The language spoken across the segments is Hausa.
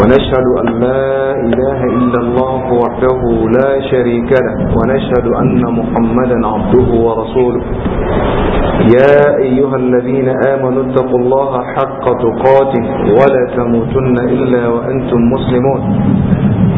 ونشهد أن لا إله إلا الله وحده لا شريك له ونشهد أن محمدا عبده ورسوله يا أيها الذين آمنوا اتقوا الله حق تقاته ولا تموتن إلا وأنتم مسلمون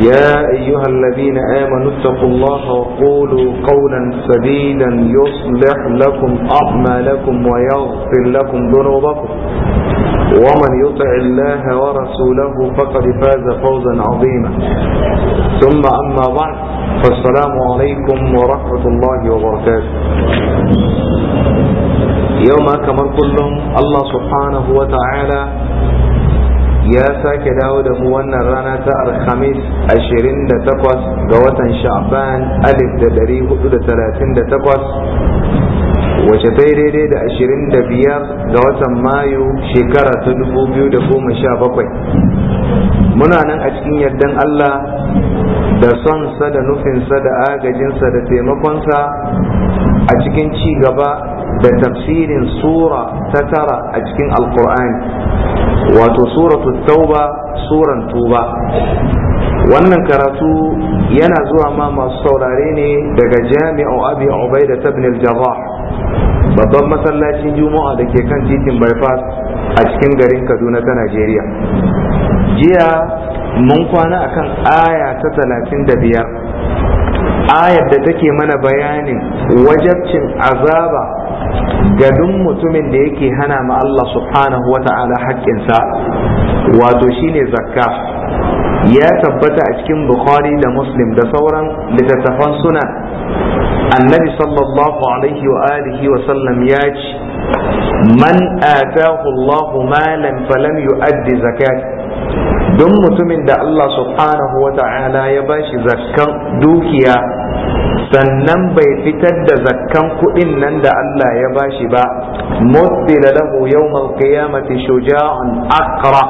يا أيها الذين آمنوا اتقوا الله وقولوا قولا سديدا يصلح لكم أعمالكم ويغفر لكم ذنوبكم ومن يطع الله ورسوله فقد فاز فوزا عظيما ثم أما بعد فالسلام عليكم ورحمة الله وبركاته يوم كمر كلهم الله سبحانه وتعالى ya sake dawo da mu wannan rana ta alhamis 28 ga watan sha'ban 1438 wace ta daidai da 25 ga watan mayu shekara ta 2017 muna nan a cikin yardan allah da sonsa da nufinsa da agajinsa da taimakonsa a cikin ci gaba da tafsirin sura ta tara a cikin alkur'ani wato suratu tauba suran tuba wannan karatu yana zuwa ma masu saurare ne daga jami'u abi ubaida al-jarrah babban masallacin juma'a da ke kan titin bypass a cikin garin kaduna ta najeriya jiya mun kwana akan aya ta talatin da biyar ayar da take mana bayanin wajabcin azaba ga duk mutumin da yake hana ma Allah subhanahu wa ta'ala haƙƙinsa wato shine zakka ya tabbata a cikin bukhari da muslim da sauran littattafan suna annabi sallallahu alaihi wa alihi wa sallam ya ce man atahu Allah malan falam yu'addi zakat don mutumin da Allah subhanahu wa ta'ala ya bashi zakkan dukiya sannan bai fitar da zakkan kuɗin nan da Allah ya bashi ba mutila lahu yawmal qiyamati shuja'un aqra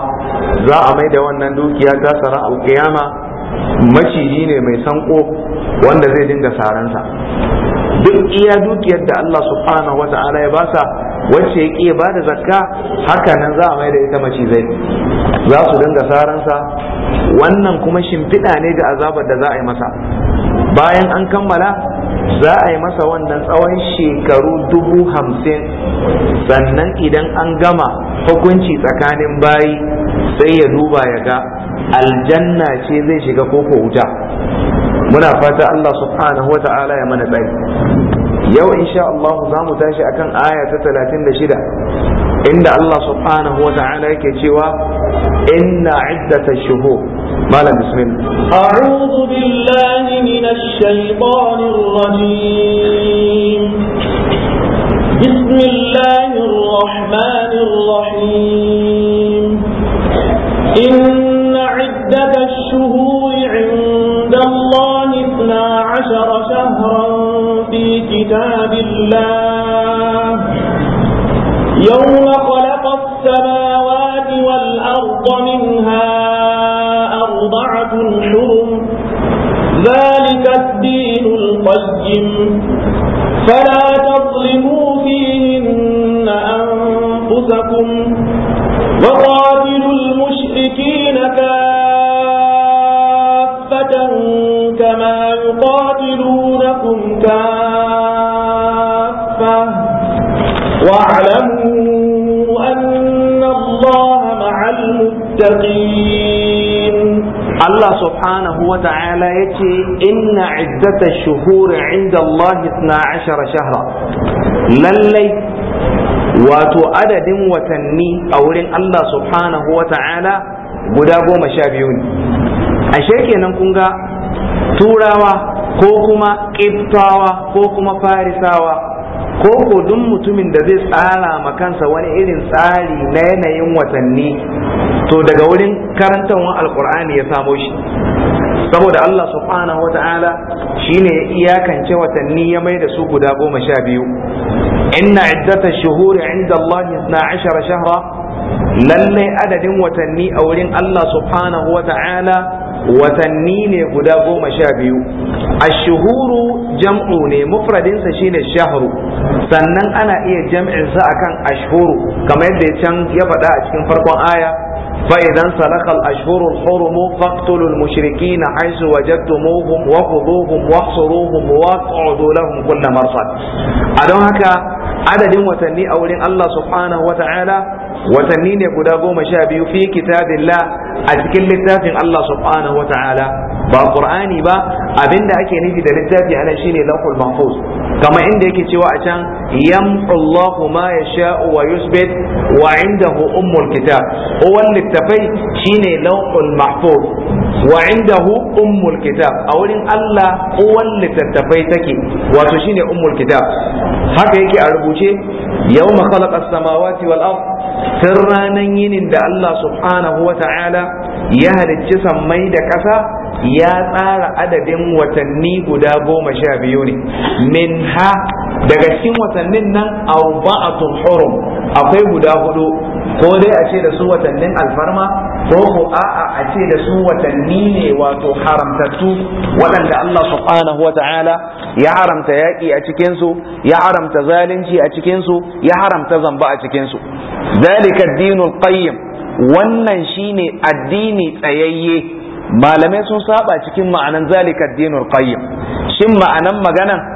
za a mai da wannan dukiya ta sara alqiyama maciji ne mai sanko wanda zai dinga saransa duk iya dukiyar da Allah subhanahu wata'ala ya basa wacce ya ƙiye ba da zakka haka nan za a mai da ita macizai za su dinga saransa wannan kuma shimfiɗa ne ga azabar da za a yi masa bayan an kammala za a yi masa wannan tsawon shekaru dubu hamsin sannan idan an gama hukunci tsakanin bayi sai ya duba ya ga aljanna ce zai shiga koko wuta muna fata Allah subhanahu wa ta'ala ya mana tsari yau insha Allah za mu tashi akan aya ta 36 inda Allah subhanahu wa ta'ala yake cewa inna iddat ash-shuhu malam bismillah a'udhu billahi minash shaitanir rajim bismillahir rahmanir rahim inna iddat كتاب الله يوم خلق السماوات والأرض منها أربعة حرم ذلك الدين القيم فلا تظلموا فيهن أنفسكم وقاتلوا المشركين كافة كما يقاتلونكم كافة واعلموا أن الله مع المتقين الله سبحانه وتعالى يتي إن عدة الشهور عند الله 12 شهرا للي wato adadin watanni a wurin Allah subhanahu wa ta'ala guda goma sha biyu ne ashe kenan kun ga turawa ko kuma ƙiftawa ko kuma farisawa ko ko duk mutumin da zai tsara ma kansa wani irin tsari na yanayin watanni to daga wurin karantawan alkur'ani ya samo shi saboda Allah subhanahu wa ta'ala shine ya iyakance watanni ya mai da su guda goma sha biyu inna iddata shuhuri inda Allah 12 shahra lallai adadin watanni a wurin Allah subhanahu wa ta'ala watanni ne guda goma sha biyu ashuhuru jam'u ne mufradinsa shine shahru sannan ana iya jam'insa akan ashhuru kamar yadda can ya faɗa a cikin farkon aya فإذا انسلخ الأشهر الحرم فاقتلوا المشركين حيث وجدتموهم وخذوهم واحصروهم واقعدوا لهم كل مرصد أدون adadin watanni a wurin Allah subhanahu wa ta'ala watanni ne guda goma sha biyu fi kitabillah a cikin littafin Allah subhanahu wa ta'ala ba qur'ani ba abinda ake nufi da littafi ana shine lawhul mahfuz kama inda yake cewa a can yamhu Allahu ma yasha'u wa yusbit wa indahu ummul kitab uwan littafai shine lawhul mahfuz wa indahu ummul kitab a wurin Allah uwan littattafai take wato shine ummul kitab haka yake a rubutu. Yau yawma khalaqa samawati wal ard tun ranan yinin da Allah subhanahu wa ta'ala ya halicci sammai da ƙasa ya tsara adadin watanni guda goma sha biyu ne min ha daga cikin watannin nan arba'atun hurum akwai guda hudu ko dai a ce da su watannin alfarma ko ko a'a a ce da su watanni ne wato haramtattu waɗanda Allah subhanahu wa ta'ala ya haramta yaƙi a cikinsu ya haramta zalunci a cikinsu ya haramta zamba a cikinsu zalika dinul qayyim wannan shine addini tsayayye malamai sun saba cikin ma'anan zalika dinul qayyim shin ma'anan maganan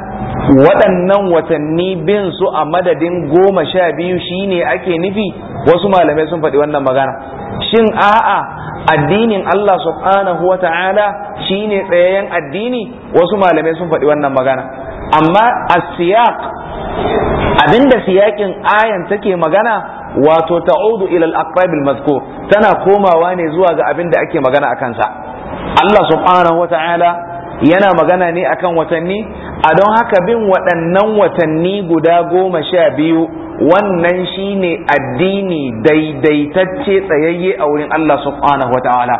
waɗannan watanni bin su a madadin goma sha biyu shine ake nufi wasu malamai sun faɗi wannan magana shin a'a addinin Allah subhanahu wa ta'ala shine tsayayyen addini wasu malamai sun faɗi wannan magana amma asiyaq abinda siyakin ayan take magana wato ta'udu ila al-aqrab al-mazkur tana komawa ne zuwa ga abinda ake magana a kansa. Allah subhanahu wa ta'ala yana magana ne akan watanni a don haka bin waɗannan watanni guda goma sha biyu wannan shine addini daidaitacce tsayayye a wurin Allah subhanahu wata'ala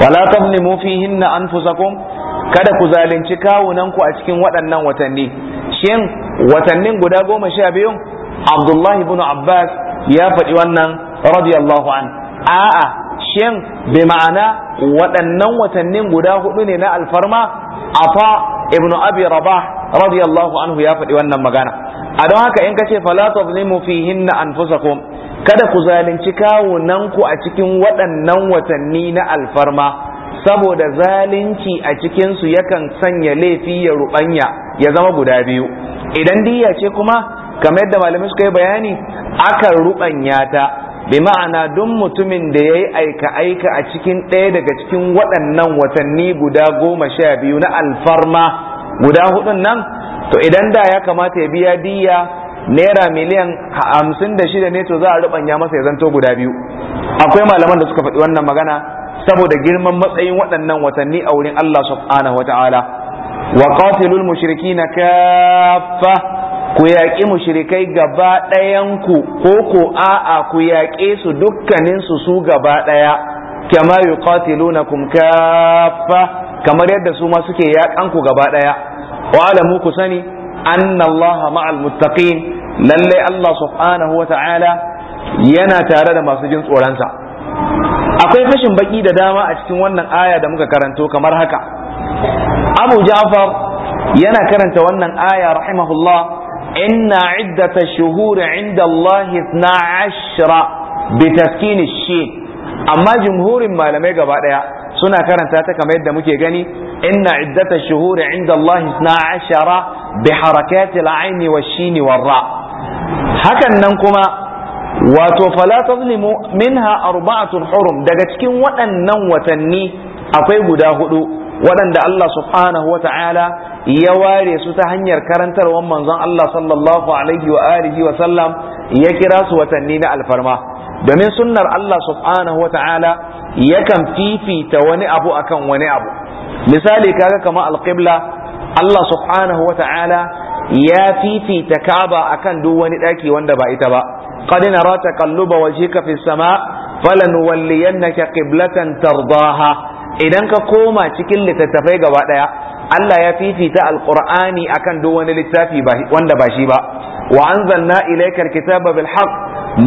wala tazlimu fihinna anfusakum kada ku zalunci kawunanku a cikin waɗannan watanni shin watannin guda goma sha biyu Abdullahi ibn Abbas ya faɗi wannan radiyallahu an a'a shin bi ma'ana waɗannan watannin guda hudu ne na alfarma fa ibnu abi rabah radiyallahu anhu ya faɗi wannan magana a don haka in kace fala tuzlimu fihinna anfusakum kada ku zalunci kawunan ku a cikin waɗannan watanni na alfarma saboda zalunci a cikin su yakan sanya laifi ya rubanya ya zama guda biyu idan diya ce kuma kamar yadda malamai suka yi bayani akan rubanya ta bi ma'ana duk mutumin da ya yi aika-aika a cikin ɗaya daga cikin waɗannan watanni guda goma sha biyu na alfarma guda hudun nan to idan da ya kamata ya biya diyya naira miliyan hamsin da shida ne to za a rubanya masa ya zanto guda biyu akwai malaman da suka faɗi wannan magana saboda girman matsayin waɗannan watanni a wurin Allah subhanahu wa ta'ala wa qatilul mushrikina kaffa ku yaƙi mushirikai gaba ɗayanku ko ko a'a ku yaƙe su dukkaninsu su gaba ɗaya kama yuqatilunakum kaffa kamar yadda su ma suke yaƙan ku gaba ɗaya wa alamu ku sani anna ma'al muttaqin lalle allah subhanahu wa ta'ala yana tare da masu jin tsoronsa akwai fashin baki da dama a cikin wannan aya da muka karanto kamar haka abu ja'far yana karanta wannan aya rahimahullah إن عدة الشهور عند الله اثنا عشر بتسكين الشين أما جمهور ما لم يقبع suna karanta ta kamar da muke gani inna iddata shuhuri inda Allah na ashara bi harakatil aini wa shini wa ra hakan nan kuma wato fala tazlimu minha arba'atun hurum daga cikin waɗannan watanni akwai guda huɗu waɗanda Allah subhanahu wa ta'ala ya ware su ta hanyar karantarwar manzon Allah sallallahu alaihi wa alihi wa sallam ya kira su watanni na alfarma domin sunnar Allah subhanahu wa ta'ala yakan fifita wani abu akan wani abu misali kaga kamar alqibla Allah subhanahu wa ta'ala ya fifita Ka'aba akan duk wani daki wanda ba ita ba qad nara taqalluba wajhika fis sama' falanwalliyannaka qiblatan tardaha idan ka koma cikin littattafai gaba daya Allah ya fifita alqur'ani akan duk wani littafi wanda ba shi ba wa anzalna ilayka alkitaba bil haqq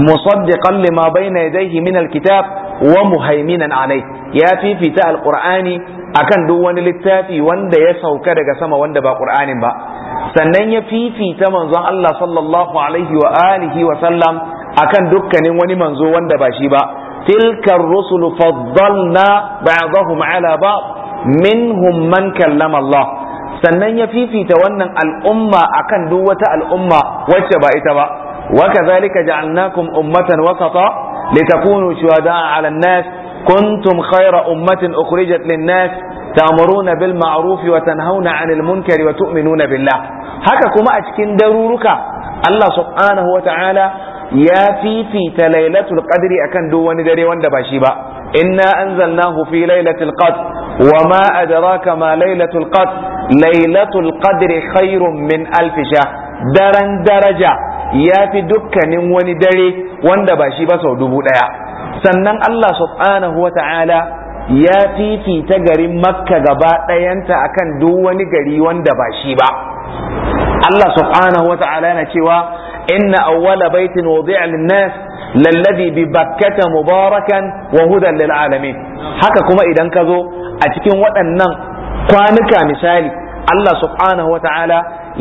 musaddiqan lima bayna yadayhi min alkitab wa muhaiminan alai ya fifita alqur'ani akan duk wani littafi wanda ya sauka daga sama wanda ba qur'anin ba sannan ya fifita manzon Allah sallallahu alaihi wa alihi wa sallam akan dukkanin wani manzo wanda ba shi ba Tilkar rusulu faddalna ba'dahum ala ba'd منهم من كلم الله سنن يفيفي تونا الأمة أكن دوة الأمة والشباء تبا وكذلك جعلناكم أمة وسطا لتكونوا شهداء على الناس كنتم خير أمة أخرجت للناس تأمرون بالمعروف وتنهون عن المنكر وتؤمنون بالله هكاكما أتكن ضرورك الله سبحانه وتعالى يا فيفي ليلة القدر أكن دوة ندري وندباشي inna anzalnahu fi lailatul qadr wa ma adraka ma lailatul qadr lailatul qadri khairun min alfisha? daren daraja ya fi dukkanin wani dare wanda ba shi ba sau dubu ɗaya sannan Allah subhanahu ya fifita garin makka gaba ɗayanta akan duk wani gari wanda ba shi ba Allah subhanahu wa yana cewa inna awwala baitin wudi'a lin-nas lalladhi bi bakkata mubarakan wa hudan lil haka kuma idan ka zo a cikin waɗannan kwanuka misali Allah subhanahu wa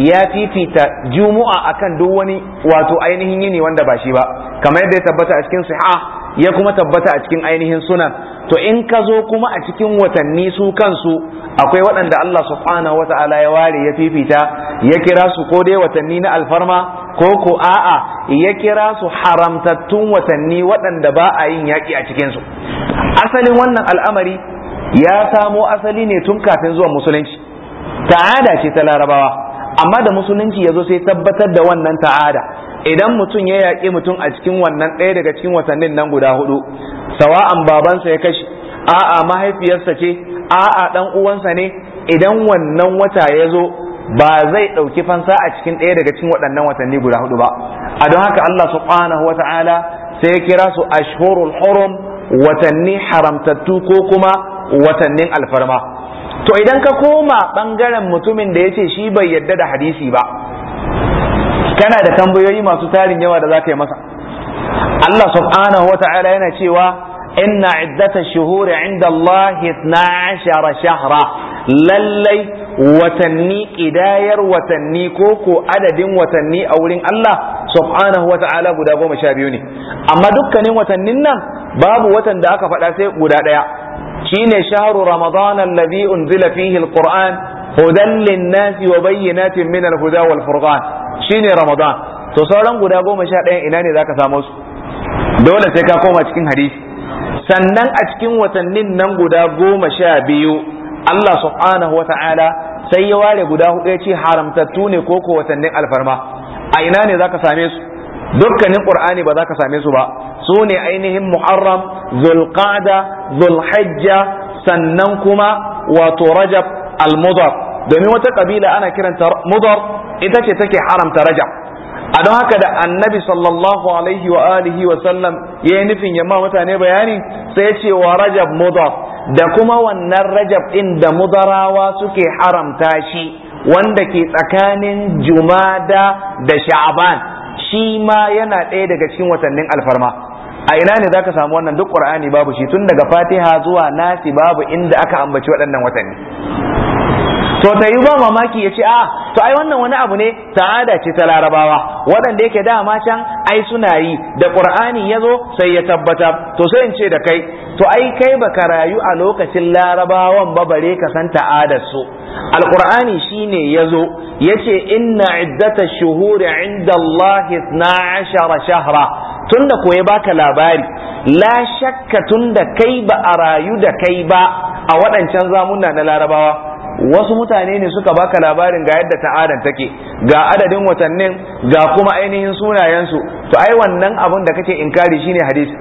ya fifita jumu'a akan duk wani wato ainihin yini wanda ba shi ba kamar yadda ya tabbata a cikin sahih ya kuma tabbata a cikin ainihin sunan to in ka zo kuma a cikin watanni su kansu akwai waɗanda Allah subhanahu wata'ala ya ware ya fifita ya kira su ko dai watanni na alfarma ko ko a'a ya kira su haramtattun watanni waɗanda ba a yin yaƙi a cikinsu asalin wannan al'amari ya samo asali ne tun kafin zuwan musulunci ta'ada ce ta larabawa amma da musulunci ya zo sai tabbatar da wannan ta'ada idan mutum ya yaƙi mutum a cikin wannan ɗaya daga cikin watannin nan guda hudu sawa'an babansa ya kashe a'a mahaifiyarsa ce a'a dan uwansa ne idan wannan wata ya zo ba zai ɗauki fansa a cikin ɗaya daga cikin waɗannan watanni guda hudu ba a don haka Allah subhanahu wa sai ya kira su ashhurul hurum watanni haramtattu ko kuma watannin alfarma to idan ka koma bangaren mutumin da ya ce shi bai yadda da hadisi ba kana da tambayoyi masu tarin yawa da za ka yi masa Allah subhanahu wa ta'ala yana cewa inna iddata shuhuri inda Allah 12 shahra lallai watanni idayar watanni koko, adadin watanni a wurin Allah subhanahu wa ta'ala guda goma sha biyu ne amma dukkanin watannin nan babu watan da aka faɗa sai guda ɗaya shine shahru ramadan alladhi unzila fihi alquran hudan linnas wa bayyinatin min alhuda wal furqan shine ramadan to sauran guda goma sha ɗaya ina ne zaka samu su dole sai ka koma cikin hadisi sannan a cikin watannin nan guda goma sha biyu Allah subhanahu ta'ala sai ya ware guda hudu ya ce haramtattu ne ko watannin alfarma a ina ne zaka same su dukkanin qur'ani ba zaka same su ba su ne ainihin muharram zulqada zulhajja sannan kuma wato rajab almudar domin wata kabila ana kiranta mudar ita ce take haramta rajab a don haka da annabi sallallahu alaihi wa alihi wa sallam ya yi nufin yamma mutane bayani sai ce wa rajab mudar da kuma wannan rajab ɗin da mudarawa suke haramta shi wanda ke tsakanin jumada da sha'aban shi ma yana ɗaya daga cikin watannin alfarma a ina ne zaka samu wannan duk qur'ani babu shi tun daga fatiha zuwa nasi babu inda aka ambaci waɗannan watanni to ta yi ba mamaki ya ce a ah, to ai wannan wani abu ne ta'ada ce ta larabawa waɗanda yake dama can ai suna yi da qur'ani ya zo sai ya tabbata to sai in ce da kai to ai kai baka rayu a lokacin larabawan ba bare ka san ta'adar su alqur'ani shine ya zo ya ce inna iddata shuhuri inda Allah 12 shahra tunda ko ya baka labari la shakka tunda kai ba a rayu da kai ba a waɗancan zamuna na larabawa wasu mutane ne suka baka labarin ga yadda ta'adan take ga adadin watannin ga kuma ainihin sunayensu to ai wannan abin da kake inkari shine hadisi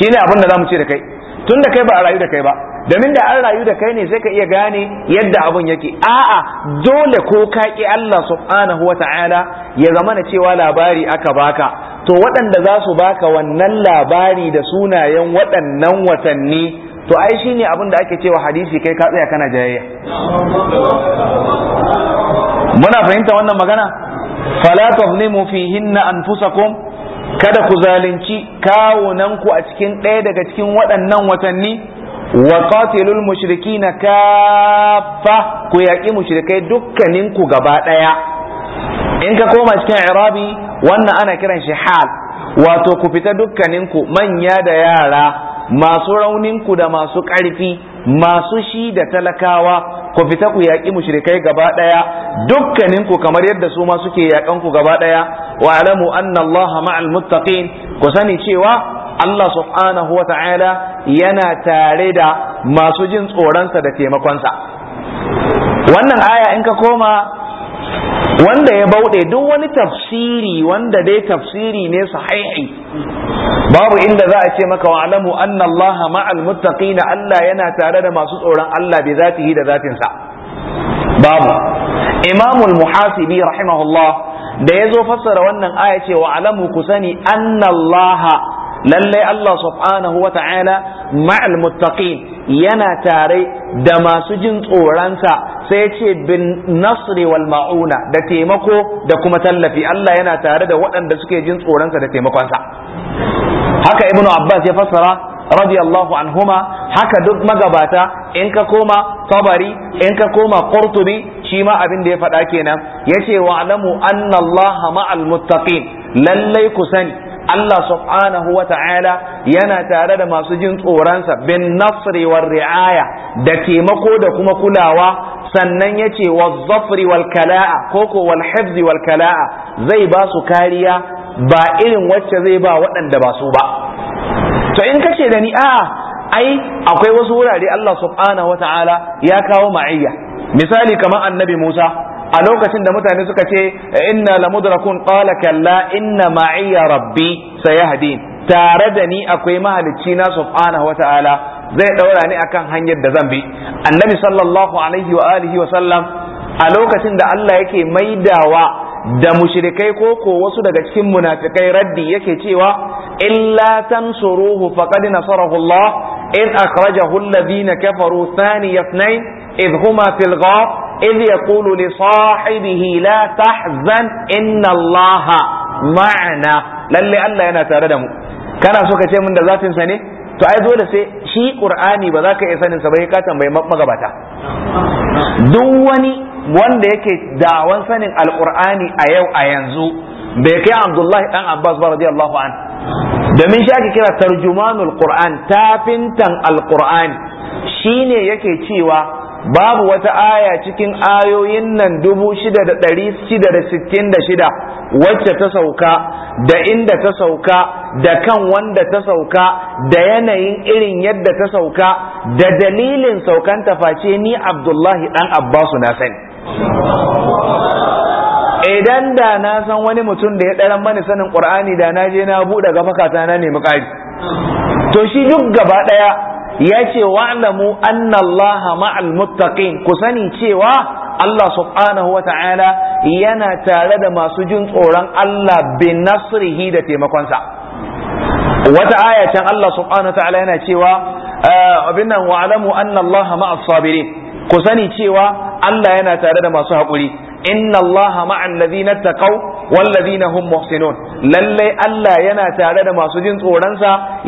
shine abin da zamu ce da kai tunda kai ba a rayu da kai ba domin da an rayu da kai ne sai ka iya gane yadda abun yake a'a dole ko ka ki Allah subhanahu wata'ala ya zama na cewa labari aka baka to waɗanda za su baka wannan labari da sunayen waɗannan watanni to ai shi ne abin da ake cewa hadisi kai ka tsaya kana jayayya muna fahimta wannan magana ne fala tazlimu fihinna anfusakum kada ku zalunci kawunanku a cikin ɗaya daga cikin waɗannan watanni wa qatilul mushrikina kaffa ku yaƙi mushrikai dukkanin ku gaba ɗaya in ka koma cikin irabi wannan ana kiran shi hal wato ku fita dukkanin ku manya da yara masu raunin ku da masu ƙarfi masu shi da talakawa ku fita ku yaƙi mushrikai gaba ɗaya dukkanin ku kamar yadda su ma suke yaƙan ku gaba ɗaya wa alamu anna allaha ma'al muttaqin ku sani cewa Allah subhanahu wa ta'ala yana tare da masu jin tsoronsa da taimakonsa wannan aya in ka koma wanda ya bauɗe duk wani tafsiri wanda dai tafsiri ne sahihi babu inda za a ce maka wa'alamu alamu anna Allah ma'al muttaqina Allah yana tare da masu tsoron Allah bi zatihi da zatinsa babu imamul muhasibi rahimahullah da ya zo fassara wannan aya ce wa ku sani anna Allah lallai Allah subhanahu wa ta'ala ma'al muttaqin yana tare da masu jin tsoronsa sai ce bin nasri wal ma'una da taimako da kuma tallafi Allah yana tare da waɗanda suke jin tsoronsa da taimakonsa haka ibnu abbas ya fassara radiyallahu anhuma haka duk magabata in ka koma tabari in ka koma qurtubi shi ma abin da ya faɗa kenan yace wa alamu anna allaha ma'al muttaqin lallai ku sani Allah subhanahu wa ta'ala yana tare da masu jin tsoronsa bin nasri ri'aya da taimako da kuma kulawa sannan ya ce wa zafri wal kala'a koko wal hifzi wal kala'a zai ba su kariya ba irin wacce zai ba waɗanda ba su ba to in kace da ni a'a ai akwai wasu wurare Allah subhanahu ta'ala ya kawo ma'ayya misali kamar annabi Musa a lokacin da mutane suka ce inna lamudrakun qala kalla inna ma'iya rabbi sayahdin tare da ni akwai mahalicci na subhanahu wata'ala zai daura ni akan hanyar da zan bi annabi sallallahu alaihi wa alihi wa sallam a lokacin da Allah yake maidawa da mushrikai ko ko wasu daga cikin munafikai raddi yake cewa illa tansuruhu faqad nasarahu Allah in akhrajahu alladhina kafaru thaniya ithnain idh huma fil ghar إذ يقول لصاحبه لا تحزن إن الله معنا للي ألا أنا تردم كان سوكا da من ذات سنة to ai dole sai shi qur'ani ba za ka iya sanin sa ba ka tambayi magabata duk wani wanda yake da'awan sanin alqur'ani a yau a yanzu bai kai abdullahi dan abbas ba radiyallahu an domin shi ake kira tarjumanul qur'an tafintan alqur'ani shine yake cewa babu wata aya cikin ayoyin nan dubu shida da ɗari shida da sittin da shida wacce ta sauka da inda ta sauka da kan wanda ta sauka da yanayin irin yadda ta sauka da dalilin saukan face ni abdullahi ɗan abbasu na sani idan da na san wani mutum da ya ɗaran mani sanin ƙur'ani da na je na buɗe gafaka ta na nemi ƙari to shi duk gaba ɗaya ya ce wa'lamu anna Allah ma'al muttaqin ku sani cewa Allah subhanahu wa ta'ala yana tare da masu jin tsoron Allah bi nasrihi da taimakonsa wata aya can Allah subhanahu wa ta'ala yana cewa ah, abin nan wa'lamu anna Allah ma'as sabirin ku sani cewa Allah yana tare da masu haƙuri inna allaha ma'al ladina taqaw wal ladina hum muhsinun Lallai Allah yana tare da masu jin tsoron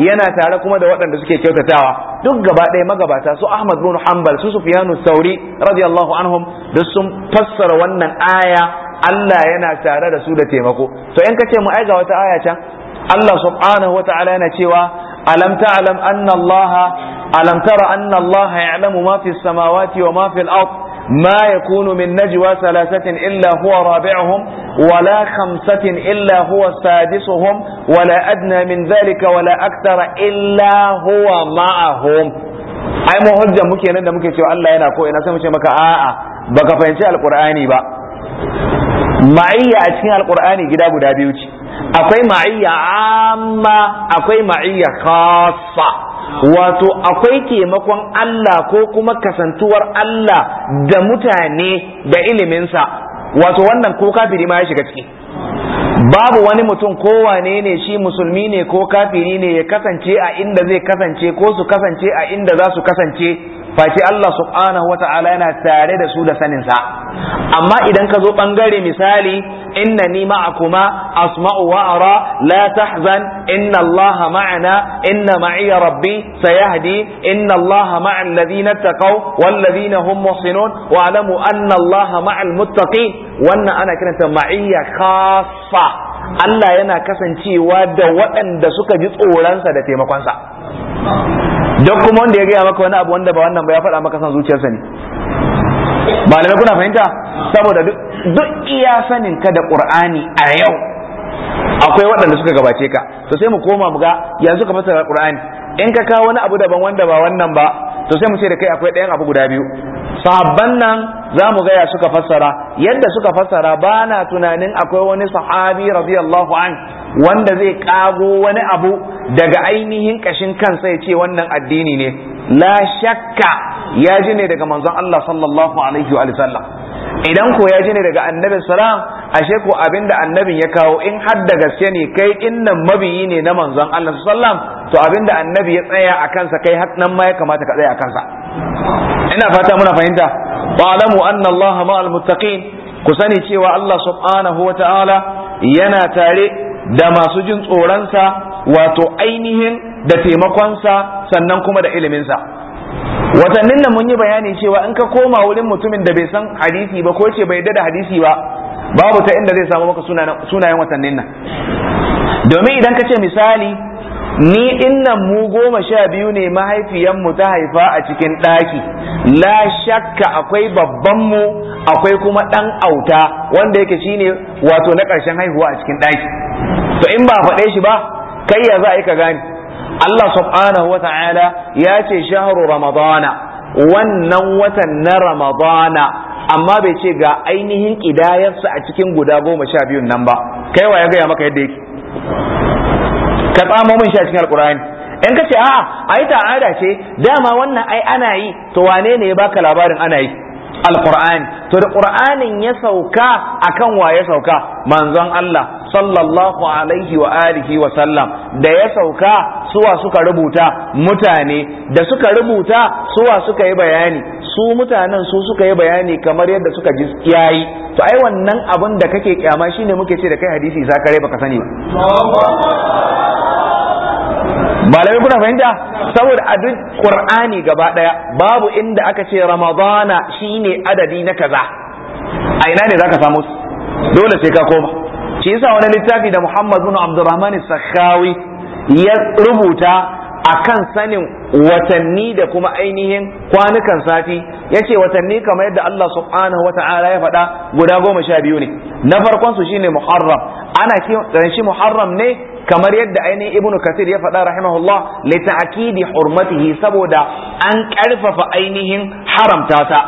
yana tare kuma da waɗanda suke kyautatawa duk gaba ɗaya magabata su Ahmad bin Hanbal su Sufyanu Sauri radiyallahu anhu, duk sun fassara wannan aya Allah yana tare da su da taimako to in kace mu aiga wata aya can Allah subhanahu wa ta'ala yana cewa alam alamtara annallaha Allah alam tara anna ya'lamu ma samawati wa ما يكون من نجوى ثلاثة إلا هو رابعهم ولا خمسة إلا هو سادسهم ولا أدنى من ذلك ولا أكثر إلا هو معهم ai mu hujja muke nan da muke cewa Allah yana ko'ina, ina sai mu ce maka a'a baka fahimci alqur'ani ba ma'iyya a cikin alqur'ani gida guda biyu ce akwai ma'iyya amma akwai ma'iyya khassa wato akwai taimakon Allah ko kuma kasantuwar Allah da mutane da iliminsa wato wannan ko kafiri ma ya shiga ciki babu wani mutum kowane ne shi musulmi ne ko kafiri ne ya kasance a inda zai kasance ko su kasance a inda za su kasance face Allah subhanahu wata'ala yana tare da su da saninsa amma idan ka zo ɓangare misali inna ni ma'akuma asma'u wa ara la tahzan inna Allah ma'ana inna ma'iya rabbi sayahdi inna Allah ma'a alladhina taqaw wal ladhina hum muhsinun wa alamu anna Allah ma'al muttaqin wannan ana kiranta ma'iyya khassa Allah yana kasancewa da waɗanda suka ji tsoronsa da taimakonsa don kuma wanda ya gaya maka wani abu wanda ba wannan ba ya faɗa maka san zuciyarsa ne malamai kuna fahimta saboda duk iya sanin ka da qur'ani a yau akwai waɗanda suka gabace ka to sai mu koma mu ga yanzu ka fassara ƙur'ani in ka kawo wani abu daban wanda ba wannan ba to sai mu ce da kai akwai ɗayan abu guda biyu sahabban nan za mu gaya suka fassara yadda suka fassara ba na tunanin akwai wani sahabi radiyallahu an wanda zai kago wani abu daga ainihin kashin kansa ya ce wannan addini ne la shakka ya ji ne daga manzon Allah sallallahu alaihi wa sallam idan ko ya ji ne daga annabin salam ashe ko abinda annabin ya kawo in har da gaske ne kai innan mabiyi ne na manzon Allah sallam to abinda annabi ya tsaya a kansa kai har nan ma ya kamata ka tsaya a kansa ina fata muna fahimta Balamu anna Allah ma'al muttaqin ku sani cewa Allah subhanahu wa ta'ala yana tare da masu jin tsoronsa wato ainihin da taimakonsa sannan kuma da iliminsa watannin nan mun yi bayani cewa in ka koma wurin mutumin da bai san hadisi ba ko ce bai dada hadisi ba babu ta inda zai samu maka sunayen watannin nan domin idan ka ce misali ni innan mu goma sha biyu ne mahaifiyanmu ta haifa a cikin ɗaki la shakka akwai babbanmu akwai kuma ɗan auta wanda yake shine wato na ƙarshen haihuwa a cikin ɗaki to in ba faɗe shi ba kai ya za a yi ka gani? Allah subhanahu wata'ala ta'ala ya ce shahru ramadana wannan watan na ramadana amma bai ce ga ainihin ƙidayarsa a cikin guda goma sha biyun nan ba kai wa ya gaya maka yadda yake ka tsamo min shi a cikin alkur'ani in ka ce a yi ta'ada ce dama wannan ai ana yi to wane ne ya baka labarin ana yi alqur'ani to da qur'anin ya sauka akan wa ya sauka manzon Allah sallallahu alaihi wa alihi wa sallam da ya sauka suwa suka rubuta mutane da suka rubuta suwa suka yi bayani su mutanen su suka yi bayani kamar yadda suka ji yayi to ai wannan abin da kake kyama shine muke ce da kai hadisi za kare baka sani ba malamai kuna fahimta saboda a duk qur'ani gaba daya babu inda aka ce ramadana shine adadi na kaza a ina ne zaka samu dole sai ka koma shi yasa wani littafi da Muhammad bin Abdurrahman Sakhawi ya rubuta akan sanin watanni da kuma ainihin kwanukan sati yace watanni kamar yadda Allah subhanahu ta'ala ya faɗa guda goma sha biyu ne na farkon su shine muharram ana kiran muharram ne kamar yadda ainihin ibnu kasir ya faɗa rahimahullah li ta'kidi hurmatihi saboda an ƙarfafa ainihin haramta ta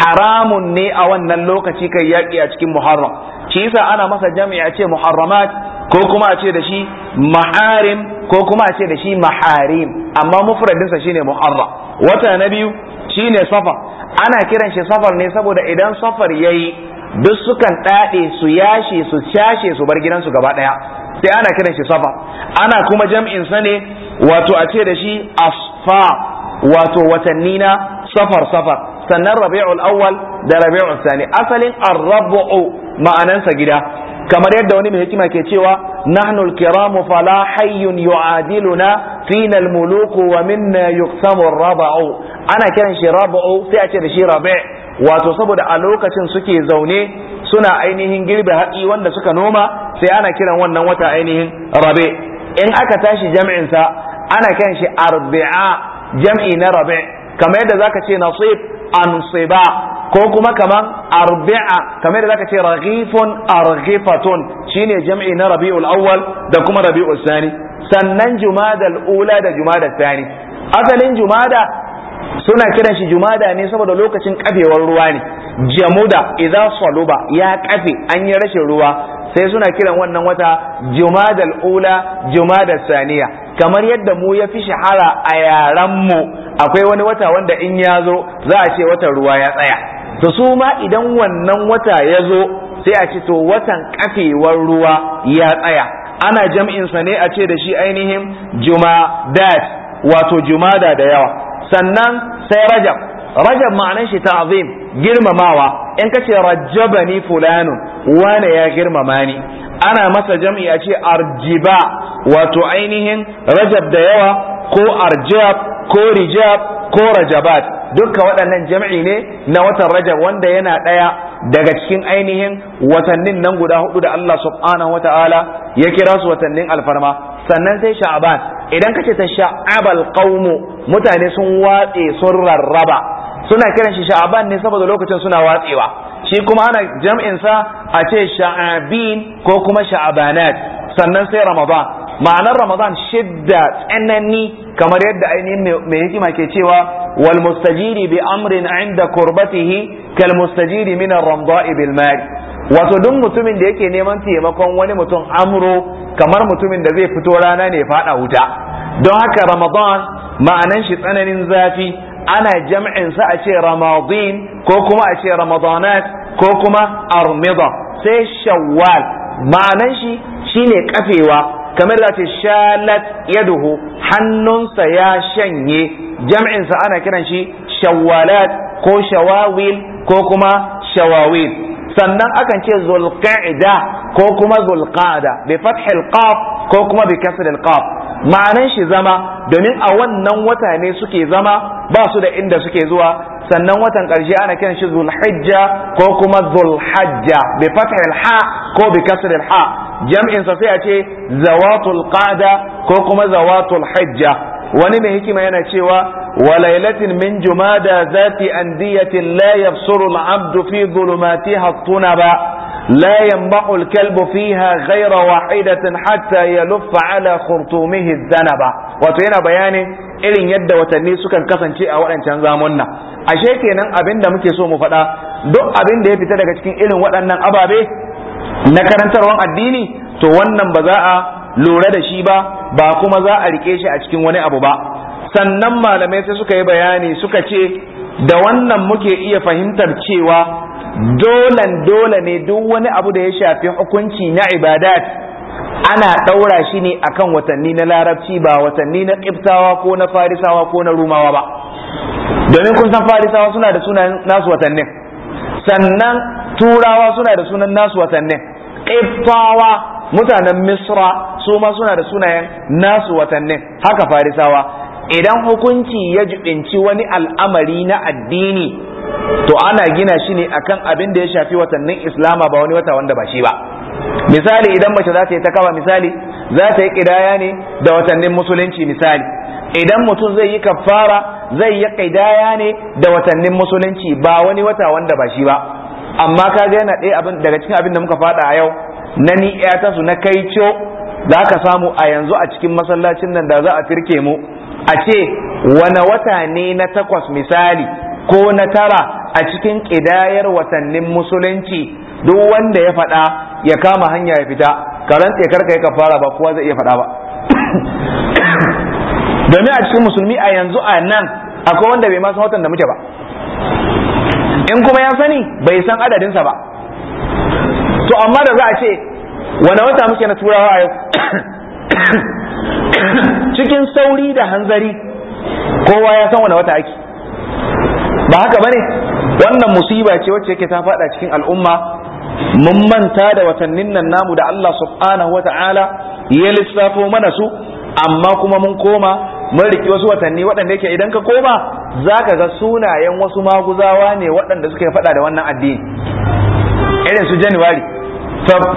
haramun ne a wannan lokaci kai yaƙi a cikin muharram shi yasa ana masa jami'a ce muharramat ko kuma a ce da shi ma'arim ko kuma a ce da shi maharim amma mufradinsa shine muharra wata na biyu shine safar ana kiran shi safar ne saboda idan safar yayi duk sukan dade su yashe su cashe su bar gidansu gaba daya sai ana kiran shi safar ana kuma jam'in sa ne wato a ce da shi asfa wato watanni na safar safar sannan rabi'ul awwal da rabi'ul thani asalin ar-rabu ma'anansa gida kamar yadda wani mai hikima ke cewa nahnu al-kiramu fala hayyun yu'adiluna fina al-muluku wa minna yuqsamu ar-raba'u ana kiran shi raba'u sai a ce da shi rabi' wato saboda a lokacin suke zaune suna ainihin girbe haƙi wanda suka noma sai ana kiran wannan wata ainihin rabe in aka tashi jam'in sa ana kiran shi arbi'a jam'i na rabe kamar yadda zaka ce nasib ansiba ko kuma kamar arbi'a kamar da zaka ce raghifun arghifatun shine jam'i na rabi'ul awwal da kuma rabi'ul thani sannan jumadal ula da jumadal thani asalin jumada suna kiran shi jumada ne saboda lokacin kafewar ruwa ne jamuda idza saluba ya kafe an yi rashin ruwa sai suna kiran wannan wata jumadal ula jumadal saniya kamar yadda mu ya fi shahara a yaran mu akwai wani wata wanda in ya zo za a ce watan ruwa ya tsaya to su ma idan wannan wata ya zo sai a ce to watan kafewar ruwa ya tsaya ana jam'insa ne a ce da shi ainihin jumadat wato jumada da yawa sannan sai rajab rajab ma'anar shi ta'zim girmamawa in ka ce rajabani fulanu wane ya girmama ni ana masa jam'i a ce arjiba wato ainihin rajab da yawa ko arjab ko rijab ko rajabat dukka waɗannan jam'i ne na watan rajab wanda yana ɗaya daga cikin ainihin watannin nan guda hudu da Allah subhanahu wata'ala ya kira su watannin alfarma sannan sai sha'aban idan kace ta sha'abal qaumu mutane sun watse sun rarraba suna kiran shi sha'aban ne saboda lokacin suna watsewa shi kuma ana jam'in sa a ce sha'abin ko kuma sha'abanat sannan sai ramadan ma'anar ramadan shidda tsanani kamar yadda ainihin mai hikima ke cewa wal mustajiri bi amrin inda kurbatihi kal mustajiri min ar-ramda'i bil ma'i wato duk mutumin da yake neman taimakon wani mutum amro kamar mutumin da zai fito rana ne fada wuta don haka ramadan ma'anan shi tsananin zafi ana jam'in sa a ce ramadin ko kuma a ce ramadanat ko kuma armida sai shawwal ma'anan shi shine kafewa kamar da ce shalat hannunsa ya shanye jam'insa ana kiran shi shawalat ko shawawil ko kuma shawawil sannan akan ce zulqa'da ko kuma zulqada bi fathil qaf ko kuma bi kasril qaf ma'anan shi zama domin a wannan wata ne suke zama ba su da inda suke zuwa sannan watan ƙarshe ana kiran shi zulhijja ko kuma zulhajja bi fathil ha ko bi kasril ha jam'in sa sai a ce zawatul qada ko kuma zawatul hajja wani mai hikima yana cewa وليلة من zati andiyatin la لا يبصر العبد في ظلماتها الطنبا لا ينبع الكلب فيها غير واحدة حتى يلف على خرطومه الذنب yana bayanin irin yadda watanni sukan kasance a waɗancan zamunna ashe kenan abin da muke so mu faɗa duk abin da ya fita daga cikin irin waɗannan ababe na karantarwan addini to wannan ba za a lura da shi ba ba kuma za a rike shi a cikin wani abu ba sannan malamai sai suka yi bayani suka ce da wannan muke iya fahimtar cewa dolan dole ne duk wani abu da ya shafi hukunci na ibadat ana ɗaura shi ne akan watanni na larabci ba watanni na ƙiftawa ko na farisawa ko na rumawa ba domin kun san farisawa suna da sunan nasu watannin sannan turawa suna da sunan nasu watannin ƙiftawa mutanen misra su ma suna da sunayen nasu watannin haka farisawa idan hukunci ya jibinci wani al'amari na addini to ana gina shi ne akan abin da ya shafi watannin islama ba wani wata wanda ba shi ba misali idan mace za ta yi takawa misali za ta yi kidaya ne da watannin musulunci misali idan mutum zai yi kafara zai yi kidaya ne da watannin musulunci ba wani wata wanda ba shi ba amma ka ga yana ɗaya abin daga cikin abin da muka faɗa a yau na ni su na kaico za ka samu a yanzu a cikin masallacin nan da za a firke mu a ce wane wata ne na takwas misali ko na tara a cikin ƙidayar watannin musulunci duk wanda ya faɗa ya kama hanya ya fita karan tsekar ka ka fara ba kowa zai iya faɗa ba domin a cikin musulmi a yanzu a nan akwai wanda bai masu san da muke ba in kuma ya sani bai san adadinsa ba to amma da za a ce wani wata muke na turawa a yau cikin sauri da hanzari kowa ya san wani wata ake ba haka bane wannan musiba ce wacce yake ta fada cikin al'umma mun manta da watannin nan namu da Allah subhanahu wata'ala ya lissafo mana su amma kuma mun koma mun riki wasu watanni waɗanda yake idan ka koma zaka ga sunayen wasu maguzawa ne waɗanda suka faɗa da wannan addini irin su januwari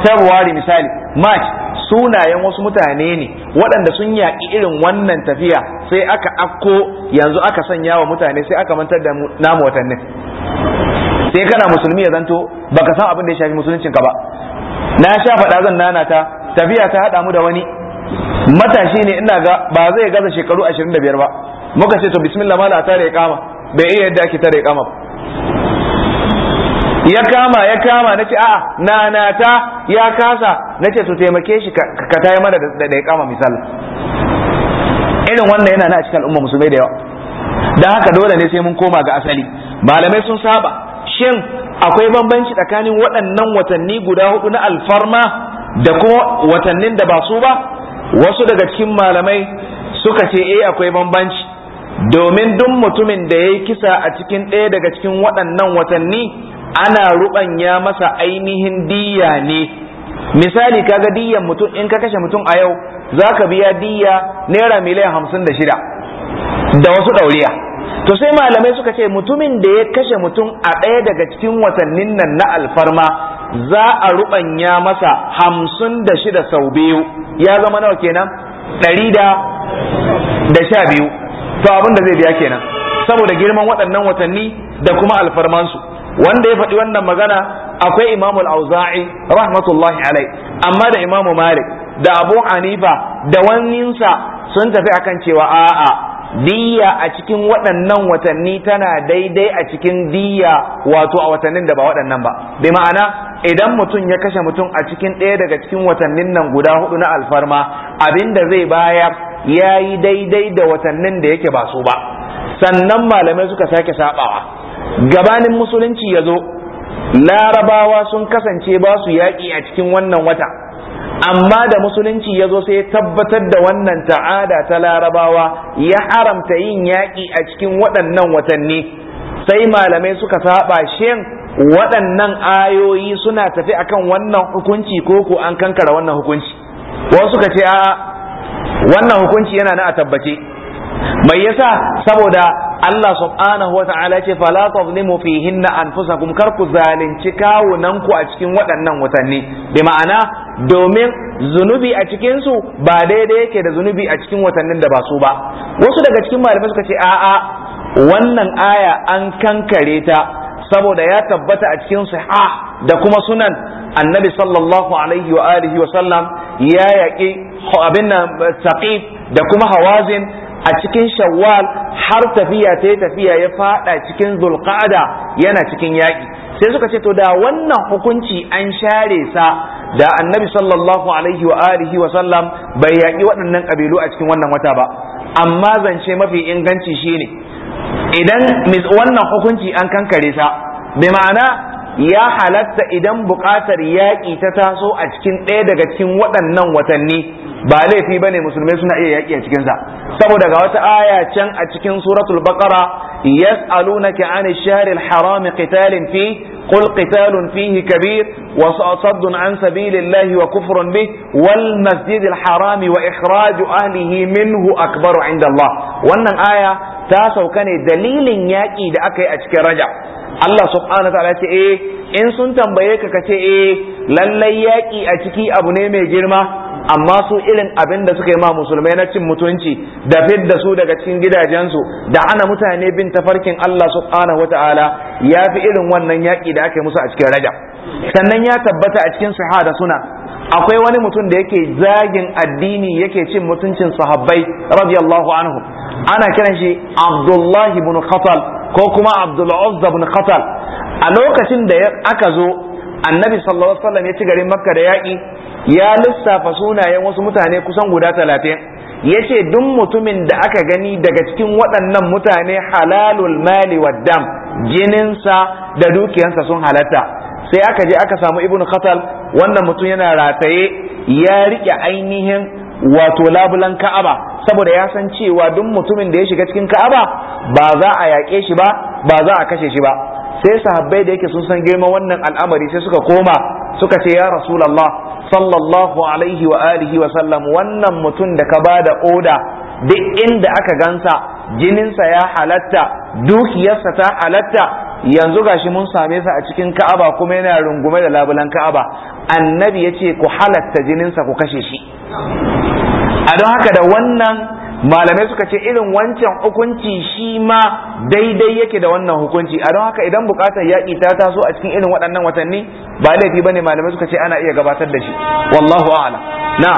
february misali march sunayen wasu mutane ne waɗanda sun yaƙi irin wannan tafiya sai aka afko yanzu aka sanya wa mutane sai aka mantar da namu watannin sai kana musulmi ya zanto ba ka san abin da ya shafi musuluncin ka ba na sha faɗa zan nana ta tafiya ta haɗa mu da wani matashi ne ina ga ba zai gaza shekaru 25 ba muka ce to bismillah mala ta da kama bai iya yadda ake tare kama ya kama ya kama na ce a'a ta ya kasa na ce to taimake shi ka tayi mana da ya kama misali irin wannan yana na cikin al'umma musulmai da yawa da haka dole ne sai mun koma ga asali malamai sun saba shin akwai bambanci tsakanin waɗannan watanni guda hudu na alfarma da kuma watannin da ba su ba wasu daga cikin malamai suka ce eh akwai bambanci domin duk mutumin da ya yi kisa a cikin ɗaya daga cikin waɗannan watanni ana ruɓanya masa ainihin diya ne misali kaga diyan mutum in ka kashe mutum a yau za ka biya diya naira miliyan hamsin da shida da wasu ɗauriya to sai malamai suka ce mutumin da ya kashe mutum a ɗaya daga cikin watannin nan na alfarma za a ruɓanya masa hamsin da shida sau biyu ya zama nawa kenan ɗari da sha biyu to abin da zai biya kenan saboda girman waɗannan watanni da kuma alfarmansu wanda ya faɗi wannan magana akwai imamu al-auza'i rahmatullahi alai amma da imamu malik da abu hanifa da waninsa sun tafi akan cewa a'a diyya a cikin waɗannan watanni tana daidai a cikin diyya wato a watannin da ba waɗannan ba bi ma'ana idan mutum ya kashe mutum a cikin ɗaya daga cikin watannin nan guda hudu na alfarma Abin da zai baya ya yi daidai da watannin da yake ba su ba sannan malamai suka sake sabawa gabanin musulunci ya zo larabawa sun kasance ba su yaƙi a cikin wannan wata amma da musulunci ya zo sai ya tabbatar da wannan ta'ada ta larabawa ya haramta yin yaƙi a cikin waɗannan watanni sai malamai suka saba shin waɗannan ayoyi suna tafi akan wannan hukunci ko ku an kankara wannan hukunci wasu suka ce a wannan hukunci yana na a tabbace mai yasa saboda Allah subhanahu wa ta'ala ce fala tazlimu fihinna anfusakum kar ku zalunci kawunan ku a cikin waɗannan watanni bi ma'ana domin zunubi a cikin su ba daidai yake da zunubi a cikin watannin da ba su ba wasu daga cikin malamai suka ce a'a wannan aya an kankare ta saboda ya tabbata a cikin ha! da kuma sunan annabi sallallahu alaihi wa alihi wa sallam ya yaƙi abin nan da kuma hawazin a cikin shawwal har tafiya ta yi tafiya ya fada cikin zulqa'ada yana cikin yaƙi sai suka ce to da wannan hukunci an share sa da annabi sallallahu alaihi wa alihi wa sallam bai yaƙi waɗannan ƙabilu a cikin wannan wata ba amma zance mafi inganci shine idan wannan hukunci an kankare sa bi ma'ana ya halatta idan buƙatar yaƙi ta taso a cikin ɗaya daga cikin waɗannan watanni ba laifi bane musulmai suna iya yaƙi a cikinsa saboda ga wata aya can a cikin suratul baqara yas'alunaka 'ani shahril harami qitalin fi qul qitalun fihi kabir wa sa'saddun 'an sabilillahi wa kufrun bih wal masjidil harami wa ikhraju ahlihi minhu akbaru 'inda Allah wannan aya ta sauka ne dalilin yaƙi da aka yi a cikin raja Allah subhanahu wa ta'ala ce eh in sun tambaye ka kace eh lallai yaƙi a ciki abu ne mai girma amma su irin abin da suka yi ma musulmai na cin mutunci da fidda su daga cikin gidajensu da ana mutane bin tafarkin Allah subhanahu wa ta'ala ya fi irin wannan yaƙi da ake musu a cikin raja. sannan ya tabbata a cikin da suna akwai wani mutum da yake zagin addini yake cin mutuncin sahabbai radiyallahu anhu ana kiran shi Abdullahi ibn Khatal ko kuma Abdul Zabin ibn a lokacin da aka zo annabi sallallahu alaihi wasallam ya ci garin Makka da yaƙi ya lissafa sunayen wasu mutane kusan guda talatin yace duk mutumin da aka gani daga cikin waɗannan mutane halalul mali waddam jininsa da dukiyansa sun halatta sai aka je aka samu ibnu khatal wannan mutum yana rataye ya riƙe ainihin wato labulan ka'aba saboda ya san cewa duk mutumin da ya shiga cikin ka'aba ba za a yaƙe shi ba ba za a kashe shi ba sai sahabbai da yake sun san girman wannan al'amari sai suka koma suka ce ya rasulullah sallallahu alaihi wa alihi wa sallam wannan mutum da ka bada oda duk inda aka gansa jininsa ya halatta dukiyarsa ta halatta yanzu gashi mun same sa a cikin Ka'aba kuma yana rungume da labulan Ka'aba annabi yace ku halatta jininsa ku kashe shi a don haka da wannan malamai suka ce irin wancan hukunci shi ma daidai yake da wannan hukunci a don haka idan bukatar yaƙi ta taso a cikin irin waɗannan watanni ba laifi bane malamai suka ce ana iya gabatar da shi wallahu a'lam na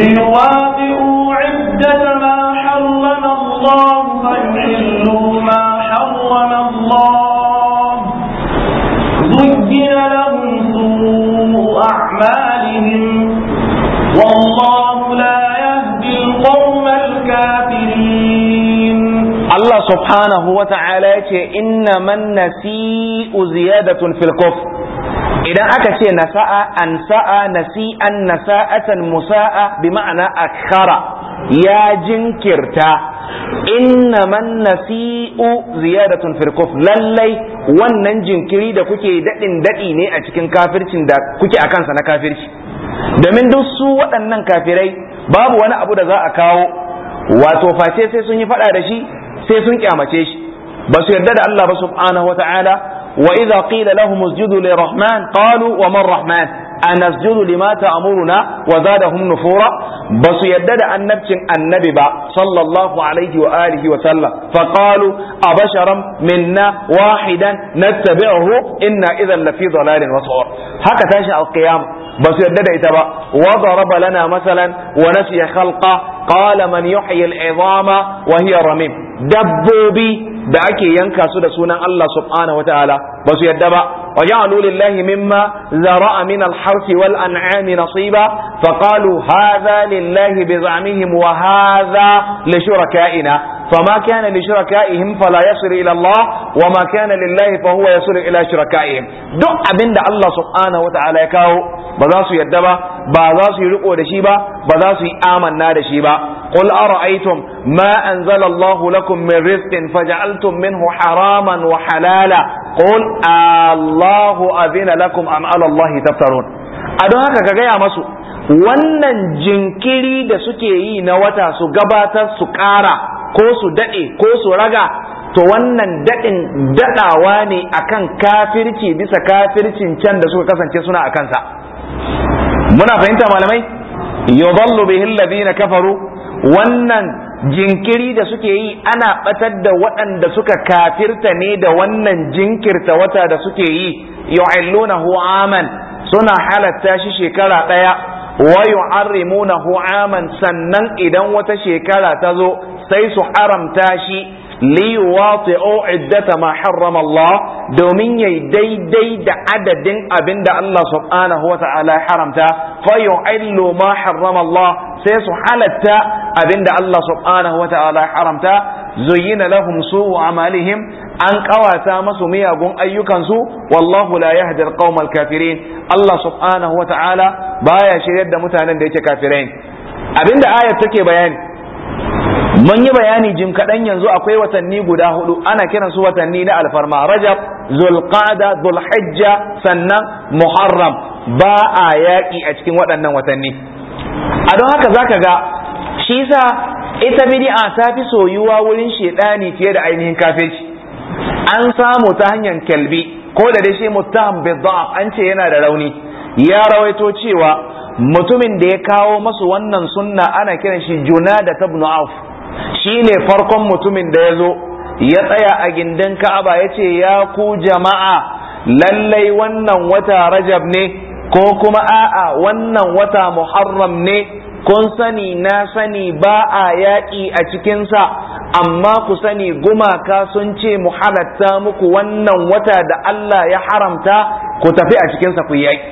ليواطئوا عدة ما حرم الله فيحلوا ما حرم الله زين لهم سوء أعمالهم والله لا يهدي القوم الكافرين الله سبحانه وتعالى إنما النسيء زيادة في الكفر idan aka ce nasa'a an sa'a nasi'an nasa'atan musa'a bi ma'ana akhara ya jinkirta inna man nasi'u ziyadatun fil kufr lallai wannan jinkiri da kuke daɗin daɗi ne a cikin kafircin da kuke akan sa na kafirci domin duk su waɗannan kafirai babu wani abu da za a kawo wato face sai sun yi faɗa da shi sai sun kyamace shi ba su yarda da Allah ba subhanahu wata'ala وإذا قيل لهم اسجدوا للرحمن قالوا وما الرحمن أن اسجدوا لما تأمرنا وزادهم نفورا بس يدد أن نبشن النبي با صلى الله عليه وآله وسلم فقالوا أبشرا منا واحدا نتبعه إنا إذا لفي ضلال وصور هكذا تشاء القيام بس يدد إتبا وضرب لنا مثلا ونسي خلقه قال من يحيي العظام وهي رميم دبوا بي da ake yanka su da sunan Allah subhanahu wataala ba su yadda ba wa ja'alu lillahi mimma zara'a min al-harth wal an'ami nasiba fa qalu hadha lillahi bi zamihim wa hadha li shurakaina فما كان لشركائهم فلا يصل إلى الله وما كان لله فهو يصل إلى شركائهم duk abinda Allah subhanahu wataala ya kawo ba za su yadda ba ba za su yi riko da shi ba ba za su yi amana da shi ba qul ara'aytum ma anzala Allah lakum min rizqin faj'altum minhu haraman wa halala qul Allahu azina lakum am ala Allah taftarun a don haka ka gaya masu wannan jinkiri da suke yi na wata su gabatar su ƙara ko su daɗe ko su raga to wannan daɗin daɗawa ne akan kafirci bisa kafircin can da suka kasance suna a kansa muna fahimta malamai yadallu bihi alladhina kafaru wannan jinkiri da suke yi ana batar da waɗanda suka kafirta ne da wannan jinkirta wata da suke yi yu'illunahu aman suna halatta shi shekara ɗaya wa yu'arrimunahu aman sannan idan wata shekara ta zo sai su haramta shi liyuwati'u iddata ma harrama Allah domin yayi daidai da adadin abin da Allah subhanahu wa ta'ala haramta fa yu'illu ma harrama Allah sai su halatta abin da Allah subhanahu wa ta'ala ya haramta zuyyina lahum su'u amalihim an kawata masu miyagun ayyukansu wallahu la yahdi al kafirin Allah subhanahu wa ta'ala baya shiryar da mutanen da yake kafirai abinda ayat take bayani mun yi bayani jim kaɗan yanzu akwai watanni guda hudu ana kiran su watanni na alfarma rajab zulqada zulhijja sannan muharram ba a yaƙi a cikin waɗannan watanni a don haka zaka ga shi sa ita bid'a ta fi soyuwa wurin shedani fiye da ainihin kafirci an samu ta hanyar kalbi ko da dai shi muttaham bi an ce yana da rauni ya rawaito cewa mutumin da ya kawo masu wannan sunna ana kiran shi Junada ibn Auf Shi ne farkon mutumin da ya zo ya tsaya a gindin ka'aba ya ce ya ku jama'a lallai wannan wata rajab ne ko kuma a'a wannan wata muharram ne kun sani na sani ba a yaƙi a cikinsa amma ku sani gumaka sun ce mu halatta muku wannan wata da Allah ya haramta ku tafi a cikinsa ku yaƙi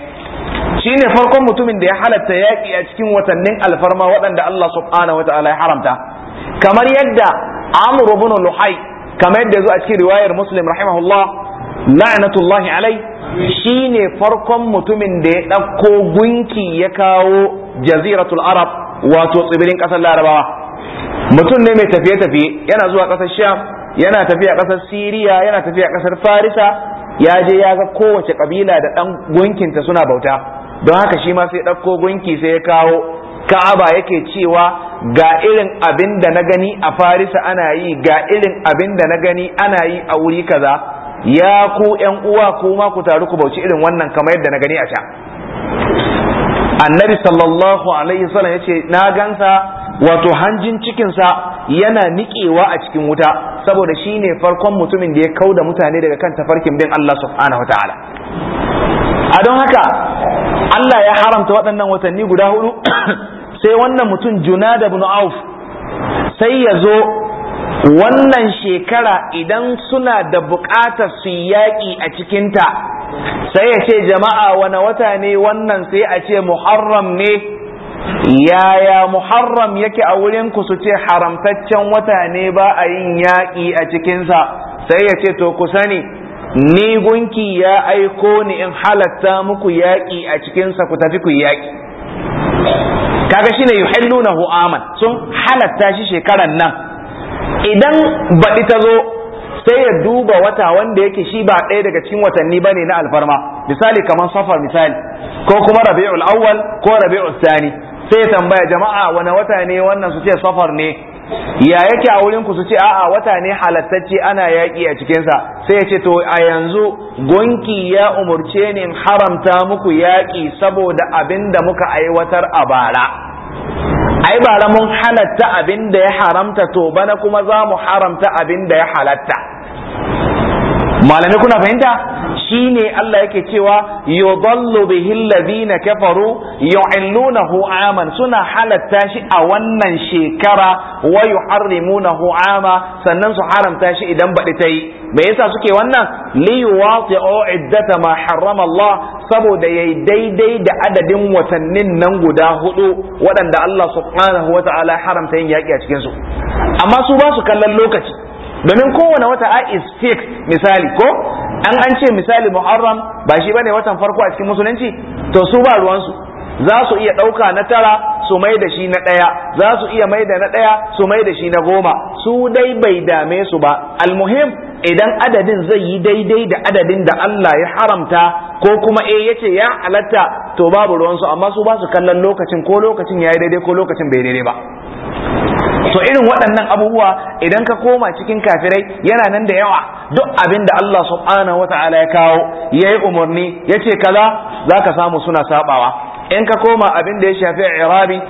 shi ne farkon mutumin da ya halatta yaƙi a cikin watannin alfarma waɗanda Allah subhanahu wa ta'ala ya haramta kamar yadda Amur ibn luhai kamar yadda zo a cikin riwayar muslim rahimahullah la'natullahi alai shine farkon mutumin da ya ɗauko gunki ya kawo jaziratul arab wato tsibirin ƙasar larabawa mutum ne mai tafiye-tafiye yana zuwa ƙasar sham yana tafiya ƙasar siriya yana tafiya ƙasar farisa ya je ya ga kowace ƙabila da ɗan gunkinta suna bauta don haka shi ma sai ɗauko gunki sai ya kawo ka'aba yake cewa ga irin abin da na gani a farisa ana yi ga irin abin da na gani ana yi a wuri kaza ya ku yan uwa kuma ku taru ku bauci irin wannan kamar yadda na gani a can annabi sallallahu alaihi wasallam yace na gansa wato hanjin cikinsa yana niƙewa a cikin wuta saboda shine farkon mutumin da ya kau da mutane daga kan tafarkin bin Allah subhanahu wa a don haka Allah ya haramta waɗannan watanni guda hudu sai wannan mutum Junada da Auf sai ya zo wannan shekara idan suna da buƙatar su yaƙi a cikinta sai ya ce jama'a wani wata ne wannan sai a ce Muharram ne yaya Muharram yake a wurin ku su ce haramtaccen wata ne ba a yin yaƙi a cikinsa sai ya ce to ku sani ni gunki ya aiko ni in halatta muku yaƙi a cikinsa ku tafi ku yaƙi kaga shine yuhillunahu aman sun halatta shi shekaran nan idan baɗi ta zo sai ya duba wata wanda yake shi ba ɗaya daga cikin watanni ba ne na alfarma misali kamar safar misali ko kuma rabi'ul awwal ko rabi'ul thani sai ya tambaya jama'a wani wata ne wannan su ce safar ne ya yake a wurin ku su ce a'a wata ne halattacce ana yaƙi a cikinsa sai ya ce to a yanzu gonki ya umurce ni in haramta muku yaƙi saboda abin da muka aiwatar a bara ai bara mun halatta abin da ya haramta to bana kuma za mu haramta abin da ya halatta malami kuna fahimta ne Allah yake cewa yudallu bihi alladhina kafaru yu'illunahu aman suna halatta shi a wannan shekara wa yuharrimunahu ama sannan su haramta shi idan baɗi ta yi me yasa suke wannan li yuwati'u iddata ma harrama Allah saboda yayi daidai da adadin watannin nan guda hudu waɗanda Allah subhanahu wata'ala haramta yin yaƙi a cikin su amma su ba su kallon lokaci domin kowane wata a is fixed misali ko an an ce misali muharram ba shi bane watan farko a cikin musulunci to su ba ruwansu za su iya ɗauka na tara su mai da shi na ɗaya za su iya mai da na ɗaya su mai da shi na goma su dai bai dame su ba almuhim idan adadin zai yi daidai da adadin da Allah ya haramta ko kuma eh yace ya halatta to babu ruwansu amma su ba su kallon lokacin ko lokacin ya yi daidai ko lokacin bai daidai ba to irin waɗannan abubuwa idan ka koma cikin kafirai yana nan da yawa duk abin da Allah subhanahu ya kawo yayi umarni ya ce kaza zaka samu suna sabawa in ka koma abin da ya shafi irabi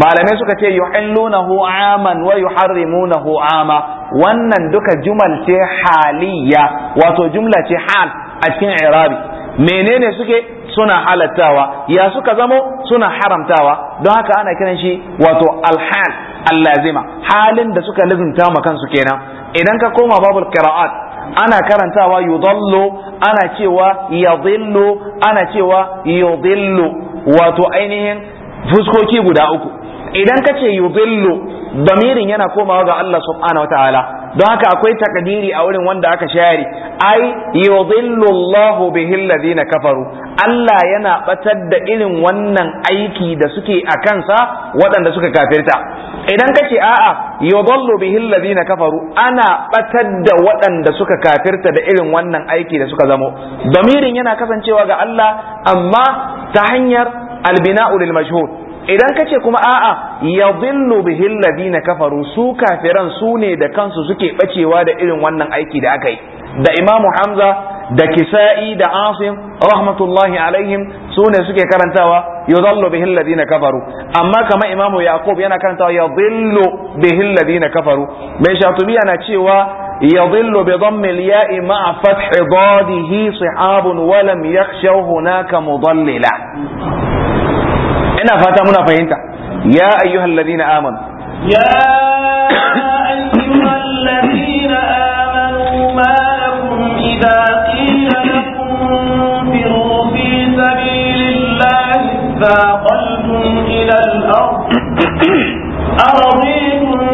malamai suka ce yuhillunahu aman wa yuharrimunahu ama wannan duka jumal ce haliya wato jumla ce hal a cikin irabi menene suke suna halattawa ya suka zamo suna haramtawa don haka ana kiran shi wato alhal allazima halin da suka lizinta ma kansu kenan idan ka koma babul qira'at ana karantawa yudallu ana cewa yadhillu ana cewa yudillu wato ainihin fuskoki guda uku idan ka ce yudillu damirin yana komawa ga Allah subhanahu wataala don haka akwai takadiri a wurin wanda aka share ai yudhillu Allahu bihi alladhina kafaru Allah yana batar da irin wannan aiki da suke a kansa waɗanda suka kafirta idan ka ce a'a yudhillu bihi alladhina kafaru ana batar da waɗanda suka kafirta da irin wannan aiki da suka zamo damirin yana kasancewa ga Allah amma ta hanyar albina'u lil idan ka ce kuma a'a ya zillu bihil ladina kafaru su kafiran su ne da kansu suke bacewa da irin wannan aiki da aka yi da imamu hamza da kisa'i da asim rahmatullahi alaihim su ne suke karantawa ya zallu bihil ladina kafaru amma kamar imamu yaqub yana karantawa ya zillu bihil ladina kafaru mai shatubi yana cewa ya zillu bi dhammi yai ma'a fathi dadihi sihabun wa lam yakhshaw hunaka mudallila ina fata muna fahimta ya ayyuhal ladina amanu ya ayyuhal ladina amanu ma lakum idza qila lakum firu fi sabilillahi fa faqaltum ila al-ard ardh aradtum أرضيتم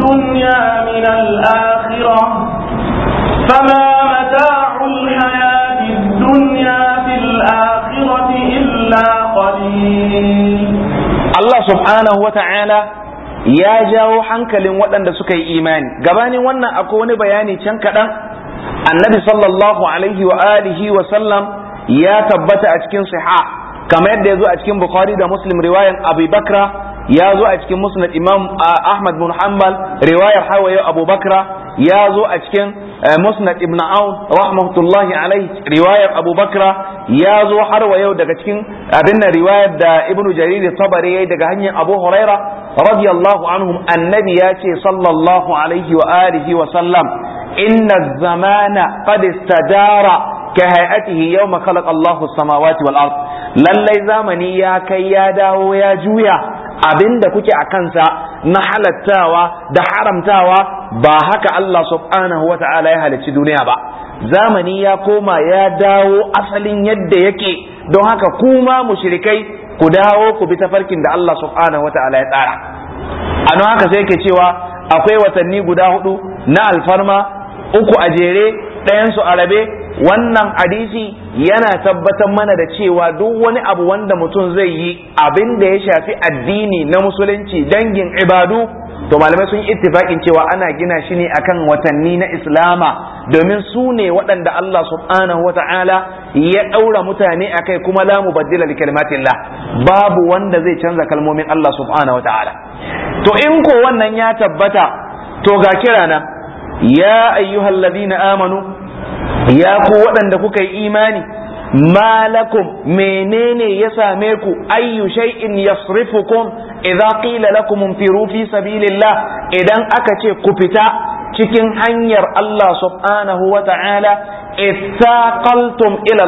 dunya min al-akhirah fama Allah subhanahu wa ta'ala ya jawo hankalin waɗanda suka yi imani gabanin wannan akwai wani bayani can kaɗan annabi sallallahu alaihi wa alihi wa sallam ya tabbata a cikin siha kamar yadda ya zo a cikin bukhari da muslim riwayan abu bakra ya zo a cikin musnad imam ahmad bin hanbal riwayar hawaye abu bakra ya zo a cikin eh, musnad ibn aun rahmatullahi riwayar abu ya zo har wa yau daga cikin abin riwayar da Ibnu jarir tabari yayi daga hanyar abu huraira annabi ya ce sallallahu alaihi wa alihi wa sallam inna zamana Allahu samawati wal lallai zamani ya kai ya dawo ya juya abin da kuke a kansa na halattawa da haramtawa ba haka Allah subhanahu wa ta'ala ya halicci duniya ba zamani ya koma ya dawo asalin yadda yake don haka kuma mushrikai ku dawo ku bi tafarkin da Allah subhanahu wa ta'ala ya tsara a haka sai ke cewa akwai watanni guda hudu na alfarma uku a jere ɗayansu a rabe wannan hadisi yana tabbatar mana da cewa duk wani abu wanda mutum zai yi abin da ya shafi addini na musulunci dangin ibadu to malamai sun yi cewa ana gina shi ne akan watanni na islama domin su ne waɗanda Allah subhanahu wata'ala ya ɗaura mutane a kai kuma la mubaddila li kalimatillah babu wanda zai canza kalmomin Allah subhanahu wata'ala to in ko wannan ya tabbata to ga kirana ya ayyuhal na amanu ya ku waɗanda kuka yi imani malakun menene ya same ku ayyu shay'in yasrifukum idza qila lakum infiru fi sabilillah idan aka ce ku fita cikin hanyar Allah subhanahu wa ta'ala ittaqaltum ila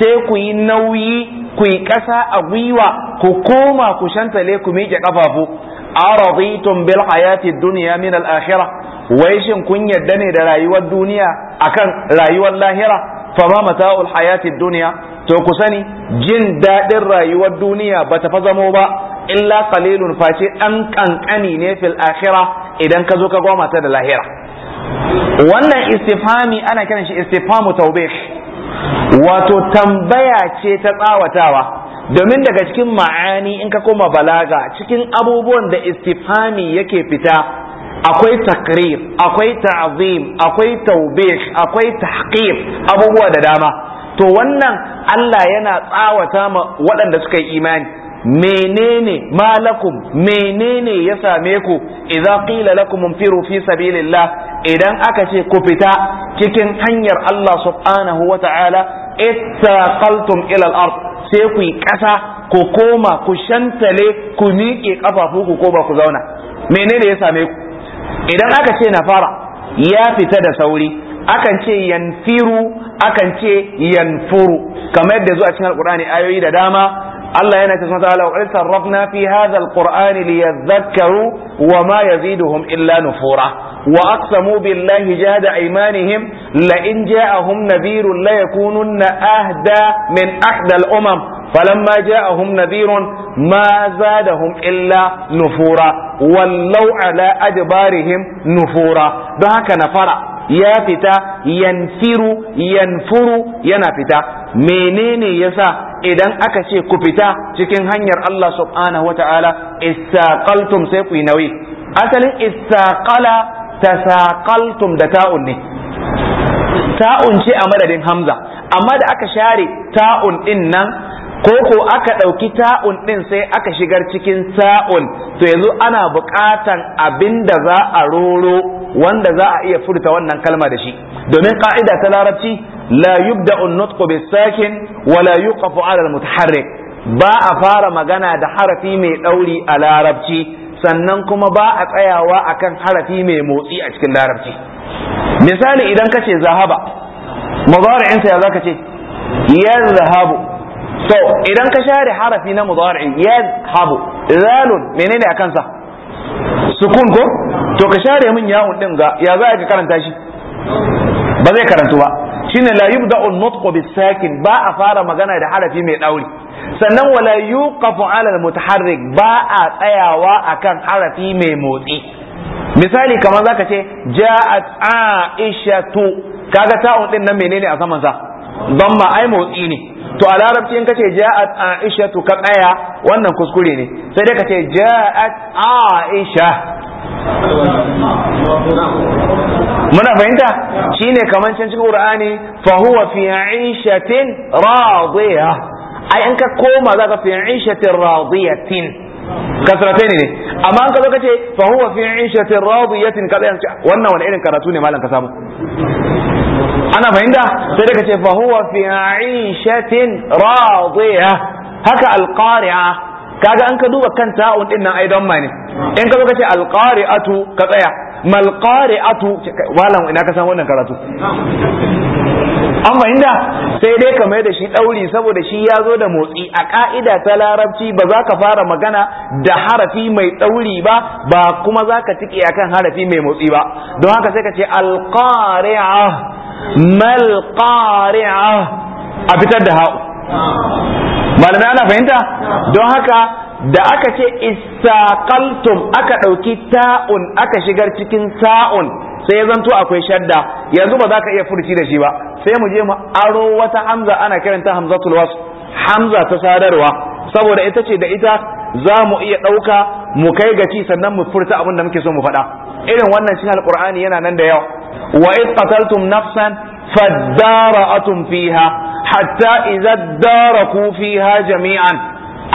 sai kuyi nauyi kuyi ƙasa a gwiwa ku kuma ku shantale ku miƙe ƙafafu araditum bil hayati duniya min al wai shin kun yarda ne da rayuwar duniya akan rayuwar lahira Fa ma mata'ul hayatid duniya to ku sani jin daɗin rayuwar duniya ba ta fa zamo ba illa qalilun face ɗan ƙanƙani ne fil akhira idan ka zo ka goma ta da lahira wannan istifhami ana kiran shi istifhamu tawbih wato tambaya ce ta tsawatawa domin daga cikin ma'ani in ka koma balaga cikin abubuwan da istifhami yake fita akwai takrir akwai ta'zim akwai taubih akwai tahqir abubuwa da dama to wannan Allah yana tsawata ma waɗanda suka yi imani menene malakum menene ya same ku idza qila lakum infiru fi sabilillah idan aka ce ku fita cikin hanyar Allah subhanahu wata'ala ittaqaltum ila al-ard sai ku yi ƙasa ku koma ku shantale ku miƙe ƙafafu ku ko ba ku zauna menene ya same ku idan aka ce nafara ya fita da sauri akan ce yanfiru akan ce yanfuru kamar yadda zuwa cikin alkur'ani ayoyi da dama Allah yana ce ta'ala wa sarrafna fi hadha alqur'ani liyadhakkaru wa ma yaziduhum illa nufura wa aqsamu billahi jahada aymanihim la in ja'ahum nadhirun la yakununna ahda min ahda al-umam Balan falamma ja'ahum nadhirun ma zadahum illa nufura wallau ala adbarihim nufura don haka nafara ya fita yanfiru yanfuru yana fita menene yasa idan aka ce ku fita cikin hanyar Allah subhanahu Ta'ala istaqaltum sai ku yi nauyi asalin ta tasaqaltum da ta'un ne ta'un ce a madadin hamza amma da aka share ta'un din nan ko ko aka ɗauki ta'un ɗin sai aka shigar cikin ta'un, to yanzu ana buƙatan abinda da za a roro wanda za a iya furta wannan kalma da shi domin ƙa'ida ta larabci la yubda'u nutqu bisakin wa la yuqafu 'ala al-mutaharrik ba a fara magana da harafi mai ɗauri a larabci sannan kuma ba a tsayawa akan harafi mai motsi a cikin larabci misali idan ka ce zahaba mudari'insa ya zaka ce yazhabu So idan ka share harafi na mudari habu zalun menene akan sa sukun ko to ka share min yawun din ga ya za ka karanta shi ba zai karantu ba shine la yubda'u an-nutqu bis-sakin ba a fara magana da harafi mai dauri sannan wala yuqafu 'ala al-mutaharrik ba a tsayawa akan harafi mai motsi misali kamar zaka ce ja'at tu kaga ta'un din nan menene a saman sa ma ai motsi ne to a larabci in kace ja'at aisha to ka tsaya wannan kuskure ne sai dai kace ja'at aisha muna fahimta shine kaman can cikin qur'ani fa huwa fi aishatin radiya ai in ka koma za ka fi aishatin radiyatin kasratai ne amma an ka zo kace fa huwa fi aishatin radiyatin kaza wannan wani irin karatu ne malam ka samu ana fahimta sai daga ce fahuwa fi aishatin radiya haka alqari'a kaga an ka duba kan ta'un din nan ai don ma in ka zo ka ce alqari'atu ka tsaya malqari'atu malam ina ka san wannan karatu an fahimta sai dai ka mai da shi ɗauri saboda shi ya zo da motsi a ka'ida ta larabci ba za ka fara magana da harafi mai ɗauri ba ba kuma za ka tiki kan harafi mai motsi ba don haka sai ka ce alƙari'a mal a fitar da ha'u malamai ana fahimta don haka da aka ce istaqaltum aka ɗauki ta'un aka shigar cikin ta'un. sai ya zanto akwai shadda yanzu ba za ka iya furci da shi ba sai mu je mu aro wata hamza ana kiranta hamzatul wasl hamza ta sadarwa saboda ita ce da ita za mu iya ɗauka mu kai gaci sannan mu furta abin da muke so mu faɗa irin wannan cikin alqur'ani yana nan da yawa wa id qataltum nafsan fadara'atum fiha hatta idza daraku fiha jami'an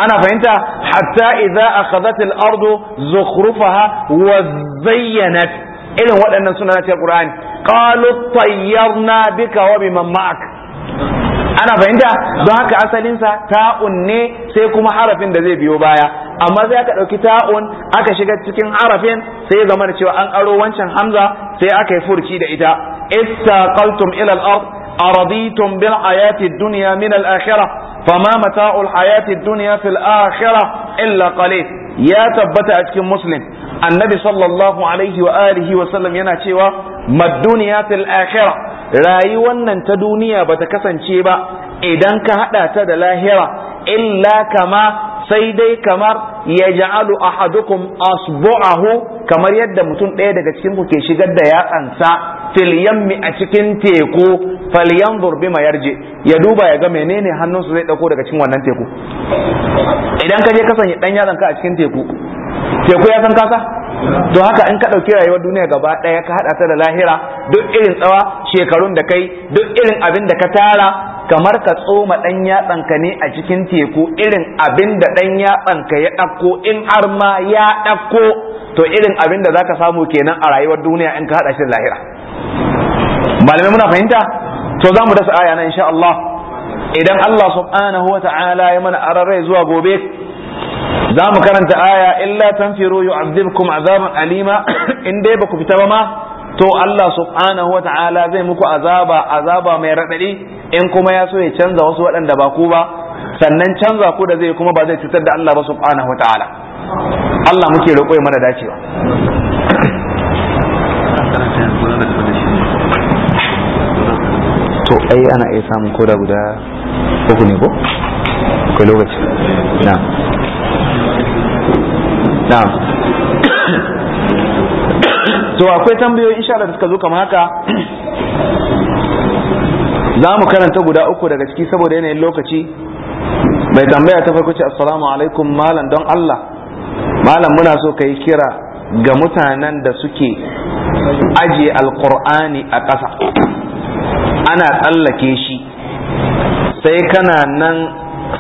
ana fahimta hatta idza akhadhat al-ardu zukhrufaha wa zayyanat irin waɗannan suna na cikin Qur'ani qalu tayyarna bika wa biman ma'ak ana fahimta don haka asalinsa ta'un ne sai kuma harafin da zai biyo baya amma sai aka ɗauki ta'un aka shiga cikin harafin sai zama da cewa an aro wancan hamza sai aka yi furci da ita Ita ila ilal ard araditum bil hayati dunya min al-akhirah fama mata'ul hayati dunya fil akhirah illa qalil ya tabbata a cikin muslim annabi sallallahu alaihi wa alihi wa sallam yana cewa madduniya fil akhirah rayuwar nan ta duniya bata kasance ba idan ka hada ta da lahira illa kama sai dai kamar ya ja'alu ahadukum asbu'ahu kamar yadda mutum ɗaya daga cikin ku ke shigar da yatsansa fil yammi a cikin teku falyanzur bima yarje ya duba ya ga menene hannunsa zai dauko daga cikin wannan teku idan ka je ka sanya dan yatsanka a cikin teku teku ya san kasa to haka in ka ɗauki rayuwar duniya gaba ɗaya ka haɗa ta da lahira duk irin tsawa shekarun da kai duk irin abin da ka tara kamar ka tsoma ɗan yatsanka ne a cikin teku irin abin da ɗan yatsanka ya ɗauko in har ma ya ɗauko to irin abin da zaka samu kenan a rayuwar duniya in ka haɗa shi da lahira malamai muna fahimta to za mu dasa aya na insha Allah idan Allah subhanahu wa ta'ala ya mana ararai zuwa gobe za mu karanta aya illa tanfiru yu'adhibkum azaban alima in dai baku fita ba ma to Allah subhanahu wa ta'ala zai muku azaba azaba mai radadi in kuma ya so ya canza wasu waɗanda ba ku ba sannan canza ku da zai kuma ba zai cutar da Allah ba subhanahu wa ta'ala Allah muke roƙo ya mana dacewa to ai ana iya samun koda guda uku ne ko akwai lokaci na'am na'am to akwai tambayoyi insha Allah da suka zo kamar haka za mu karanta guda uku daga ciki saboda yanayin lokaci mai tambaya ta farko ce assalamu alaikum malam don Allah malam muna so ka yi kira ga mutanen da suke ajiye alkur'ani a ƙasa ana tsallake shi sai kana nan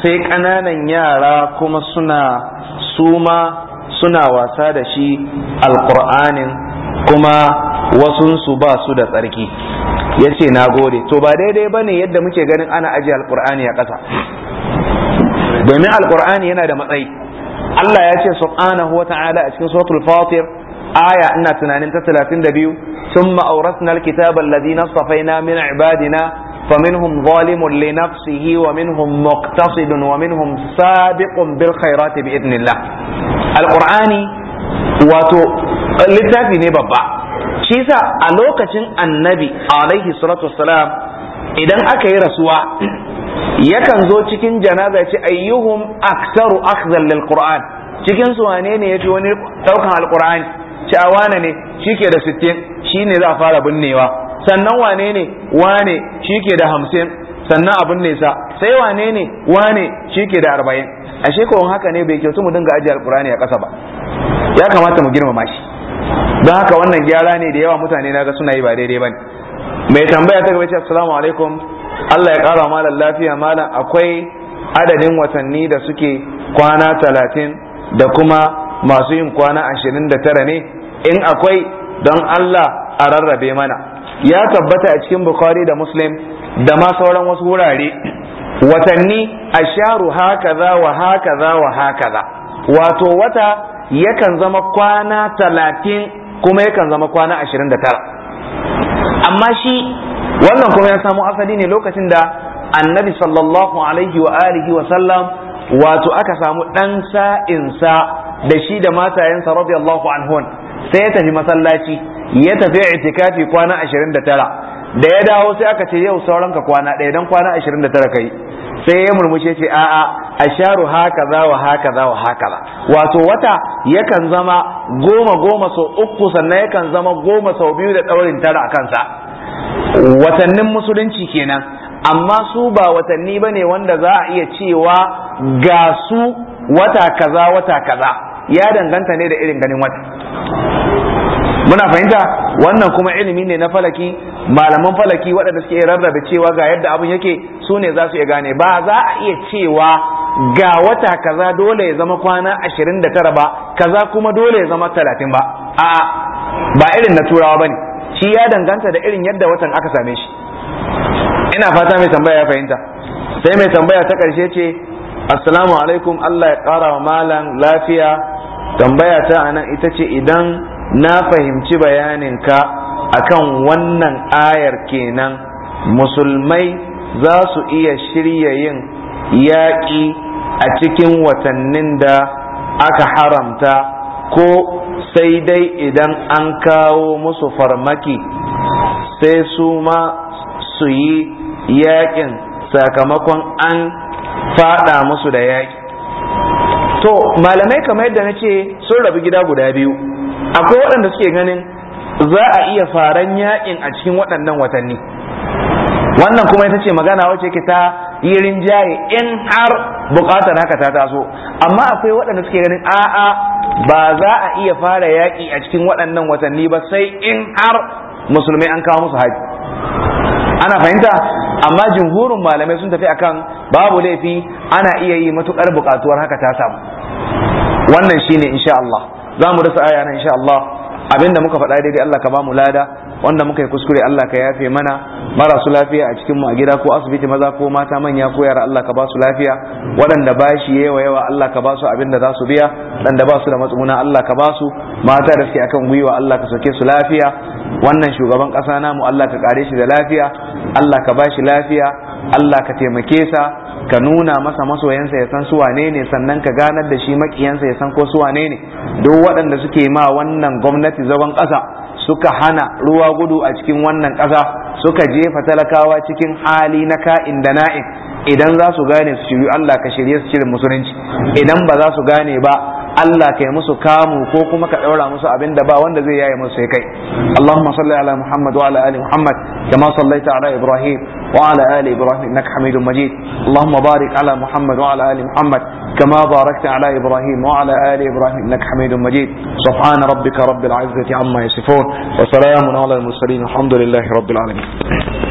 sai ƙananan yara kuma suna suma suna wasa da shi alƙur'anin kuma wasunsu ba su da tsarki ya ce na gode to ba daidai ba ne yadda muke ganin ana ajiye alƙur'ani a ƙasa domin alƙur'ani yana da matsayi Allah ya ce subhanahu wa ta'ala a cikin suratul fatir aya ina tunanin ta 32 thumma awrasna alkitaba alladhina safaina min ibadina فمنهم ظالم لنفسه ومنهم مقتصد ومنهم سابق بالخيرات بإذن الله alqur'ani wato littafi ne babba shi yasa a lokacin annabi alaihi salatu wassalam idan aka yi rasuwa yakan zo cikin janaza ce ayyuhum aktaru akhzan lil qur'an cikin su wane ne yafi wani daukan alqur'ani cewa ne shike da 60 shine za a fara binnewa sannan wane ne wane shike da 50 sannan abin nesa sai wane ne wane shi ke da arba'in ashe ko haka ne bai kyautu mu dinga ajiye alkurani a ƙasa ba ya kamata mu girmama shi don haka wannan gyara ne da yawa mutane na ga suna yi ba daidai ba ne mai tambaya ta gaba ce assalamu alaikum Allah ya ƙara malam lafiya malam akwai adadin watanni da suke kwana talatin da kuma masu yin kwana ashirin da tara ne in akwai don Allah a rarrabe mana ya tabbata a cikin bukari da Muslim da ma sauran wasu wurare watanni asharu hakaza wa hakaza wa hakaza wato wata yakan zama kwana talatin kuma yakan zama kwana ashirin da tara amma shi wannan kuma ya samu asali ne lokacin da annabi sallallahu alaihi wa alihi wa sallam wato aka samu ɗan sa'insa da shi da matayensa radiyallahu anhun sai ya tafi masallaci ya tafi itikafi kwana ashirin da tara da ya dawo sai aka ce yau sauran ka kwana ɗaya dan kwana tara kai sai ya murmushe ce a'a asharu haka za wa haka za wa haka za wato wata yakan zama goma goma sau uku sannan yakan zama goma sau biyu da ɗaurin tara a kansa watannin musulunci kenan amma su ba watanni ba ne wanda za a iya cewa ga su wata kaza wata kaza ya danganta ne da irin ganin wata muna fahimta wannan kuma ilimi ne na falaki malaman falaki waɗanda suke rarrabe cewa ga yadda abin yake su ne za su iya gane ba za a iya cewa ga wata kaza dole ya zama kwana ashirin da tara ba kaza kuma dole ya zama talatin ba a ba irin na turawa ba ne shi ya danganta da irin yadda watan aka same shi ina fata mai tambaya ya fahimta sai mai tambaya ta karshe ce assalamu alaikum allah ya kara wa malam lafiya tambaya ta anan ita ce idan na fahimci bayaninka akan wannan ayar kenan musulmai za su iya shirya yin yaƙi a cikin watannin da aka haramta ko sai dai idan an kawo musu farmaki sai su ma su yi yaƙin sakamakon an faɗa musu da yaƙi to malamai kamar yadda na ce sun rabu gida guda biyu akwai waɗanda suke ganin za a iya faran yaƙin a cikin waɗannan watanni wannan kuma ita ce magana wacce ke ta yi rinjaye in har bukatar haka ta taso amma akwai waɗanda suke ganin a'a ba za a iya fara yaƙi a cikin waɗannan watanni ba sai in har musulmai an kawo musu haji ana fahimta amma jumhurin malamai sun tafi akan babu laifi ana iya yi matukar bukatuwar haka ta samu wannan shine insha Allah za mu rasa aya na insha Allah abinda muka faɗa daidai Allah ka ba mu lada wanda muka yi kuskure Allah ka yafe mana marasu lafiya a cikin mu a gida ko asibiti maza ko mata manya ko yara Allah ka ba su lafiya waɗanda shi yawa yawa Allah ka ba su abin da za su biya waɗanda ba su da matsuguna Allah ka ba su mata da suke akan gwiwa Allah ka sauke su lafiya wannan shugaban ƙasa namu Allah ka kare shi da lafiya Allah ka ba shi lafiya Allah ka taimake sa ka nuna masa masoyansa ya san su wane ne sannan ka ganar da shi makiyansa ya san ko su wane ne duk waɗanda suke ma wannan gwamnati zagon ƙasa suka hana ruwa gudu a cikin wannan ƙasa suka jefa talakawa cikin hali na ka'in da na'in idan za su gane su shiryu Allah ka shirye su cire musulunci idan ba za su gane ba Allah kai musu kamu ko kuma ka ɗaura musu abin da ba wanda zai yaye musu kai Allahumma salli ala Muhammad wa ala ali Muhammad kama sallaita ala Ibrahim wa ala ali Ibrahim innaka Hamidum Majid Allahumma barik ala Muhammad wa ala ali Muhammad kama barakta ala Ibrahim wa ala ali Ibrahim innaka Hamidum Majid subhana rabbika rabbil izzati amma yasifun wa salamun ala al mursalin alhamdulillahi rabbil alamin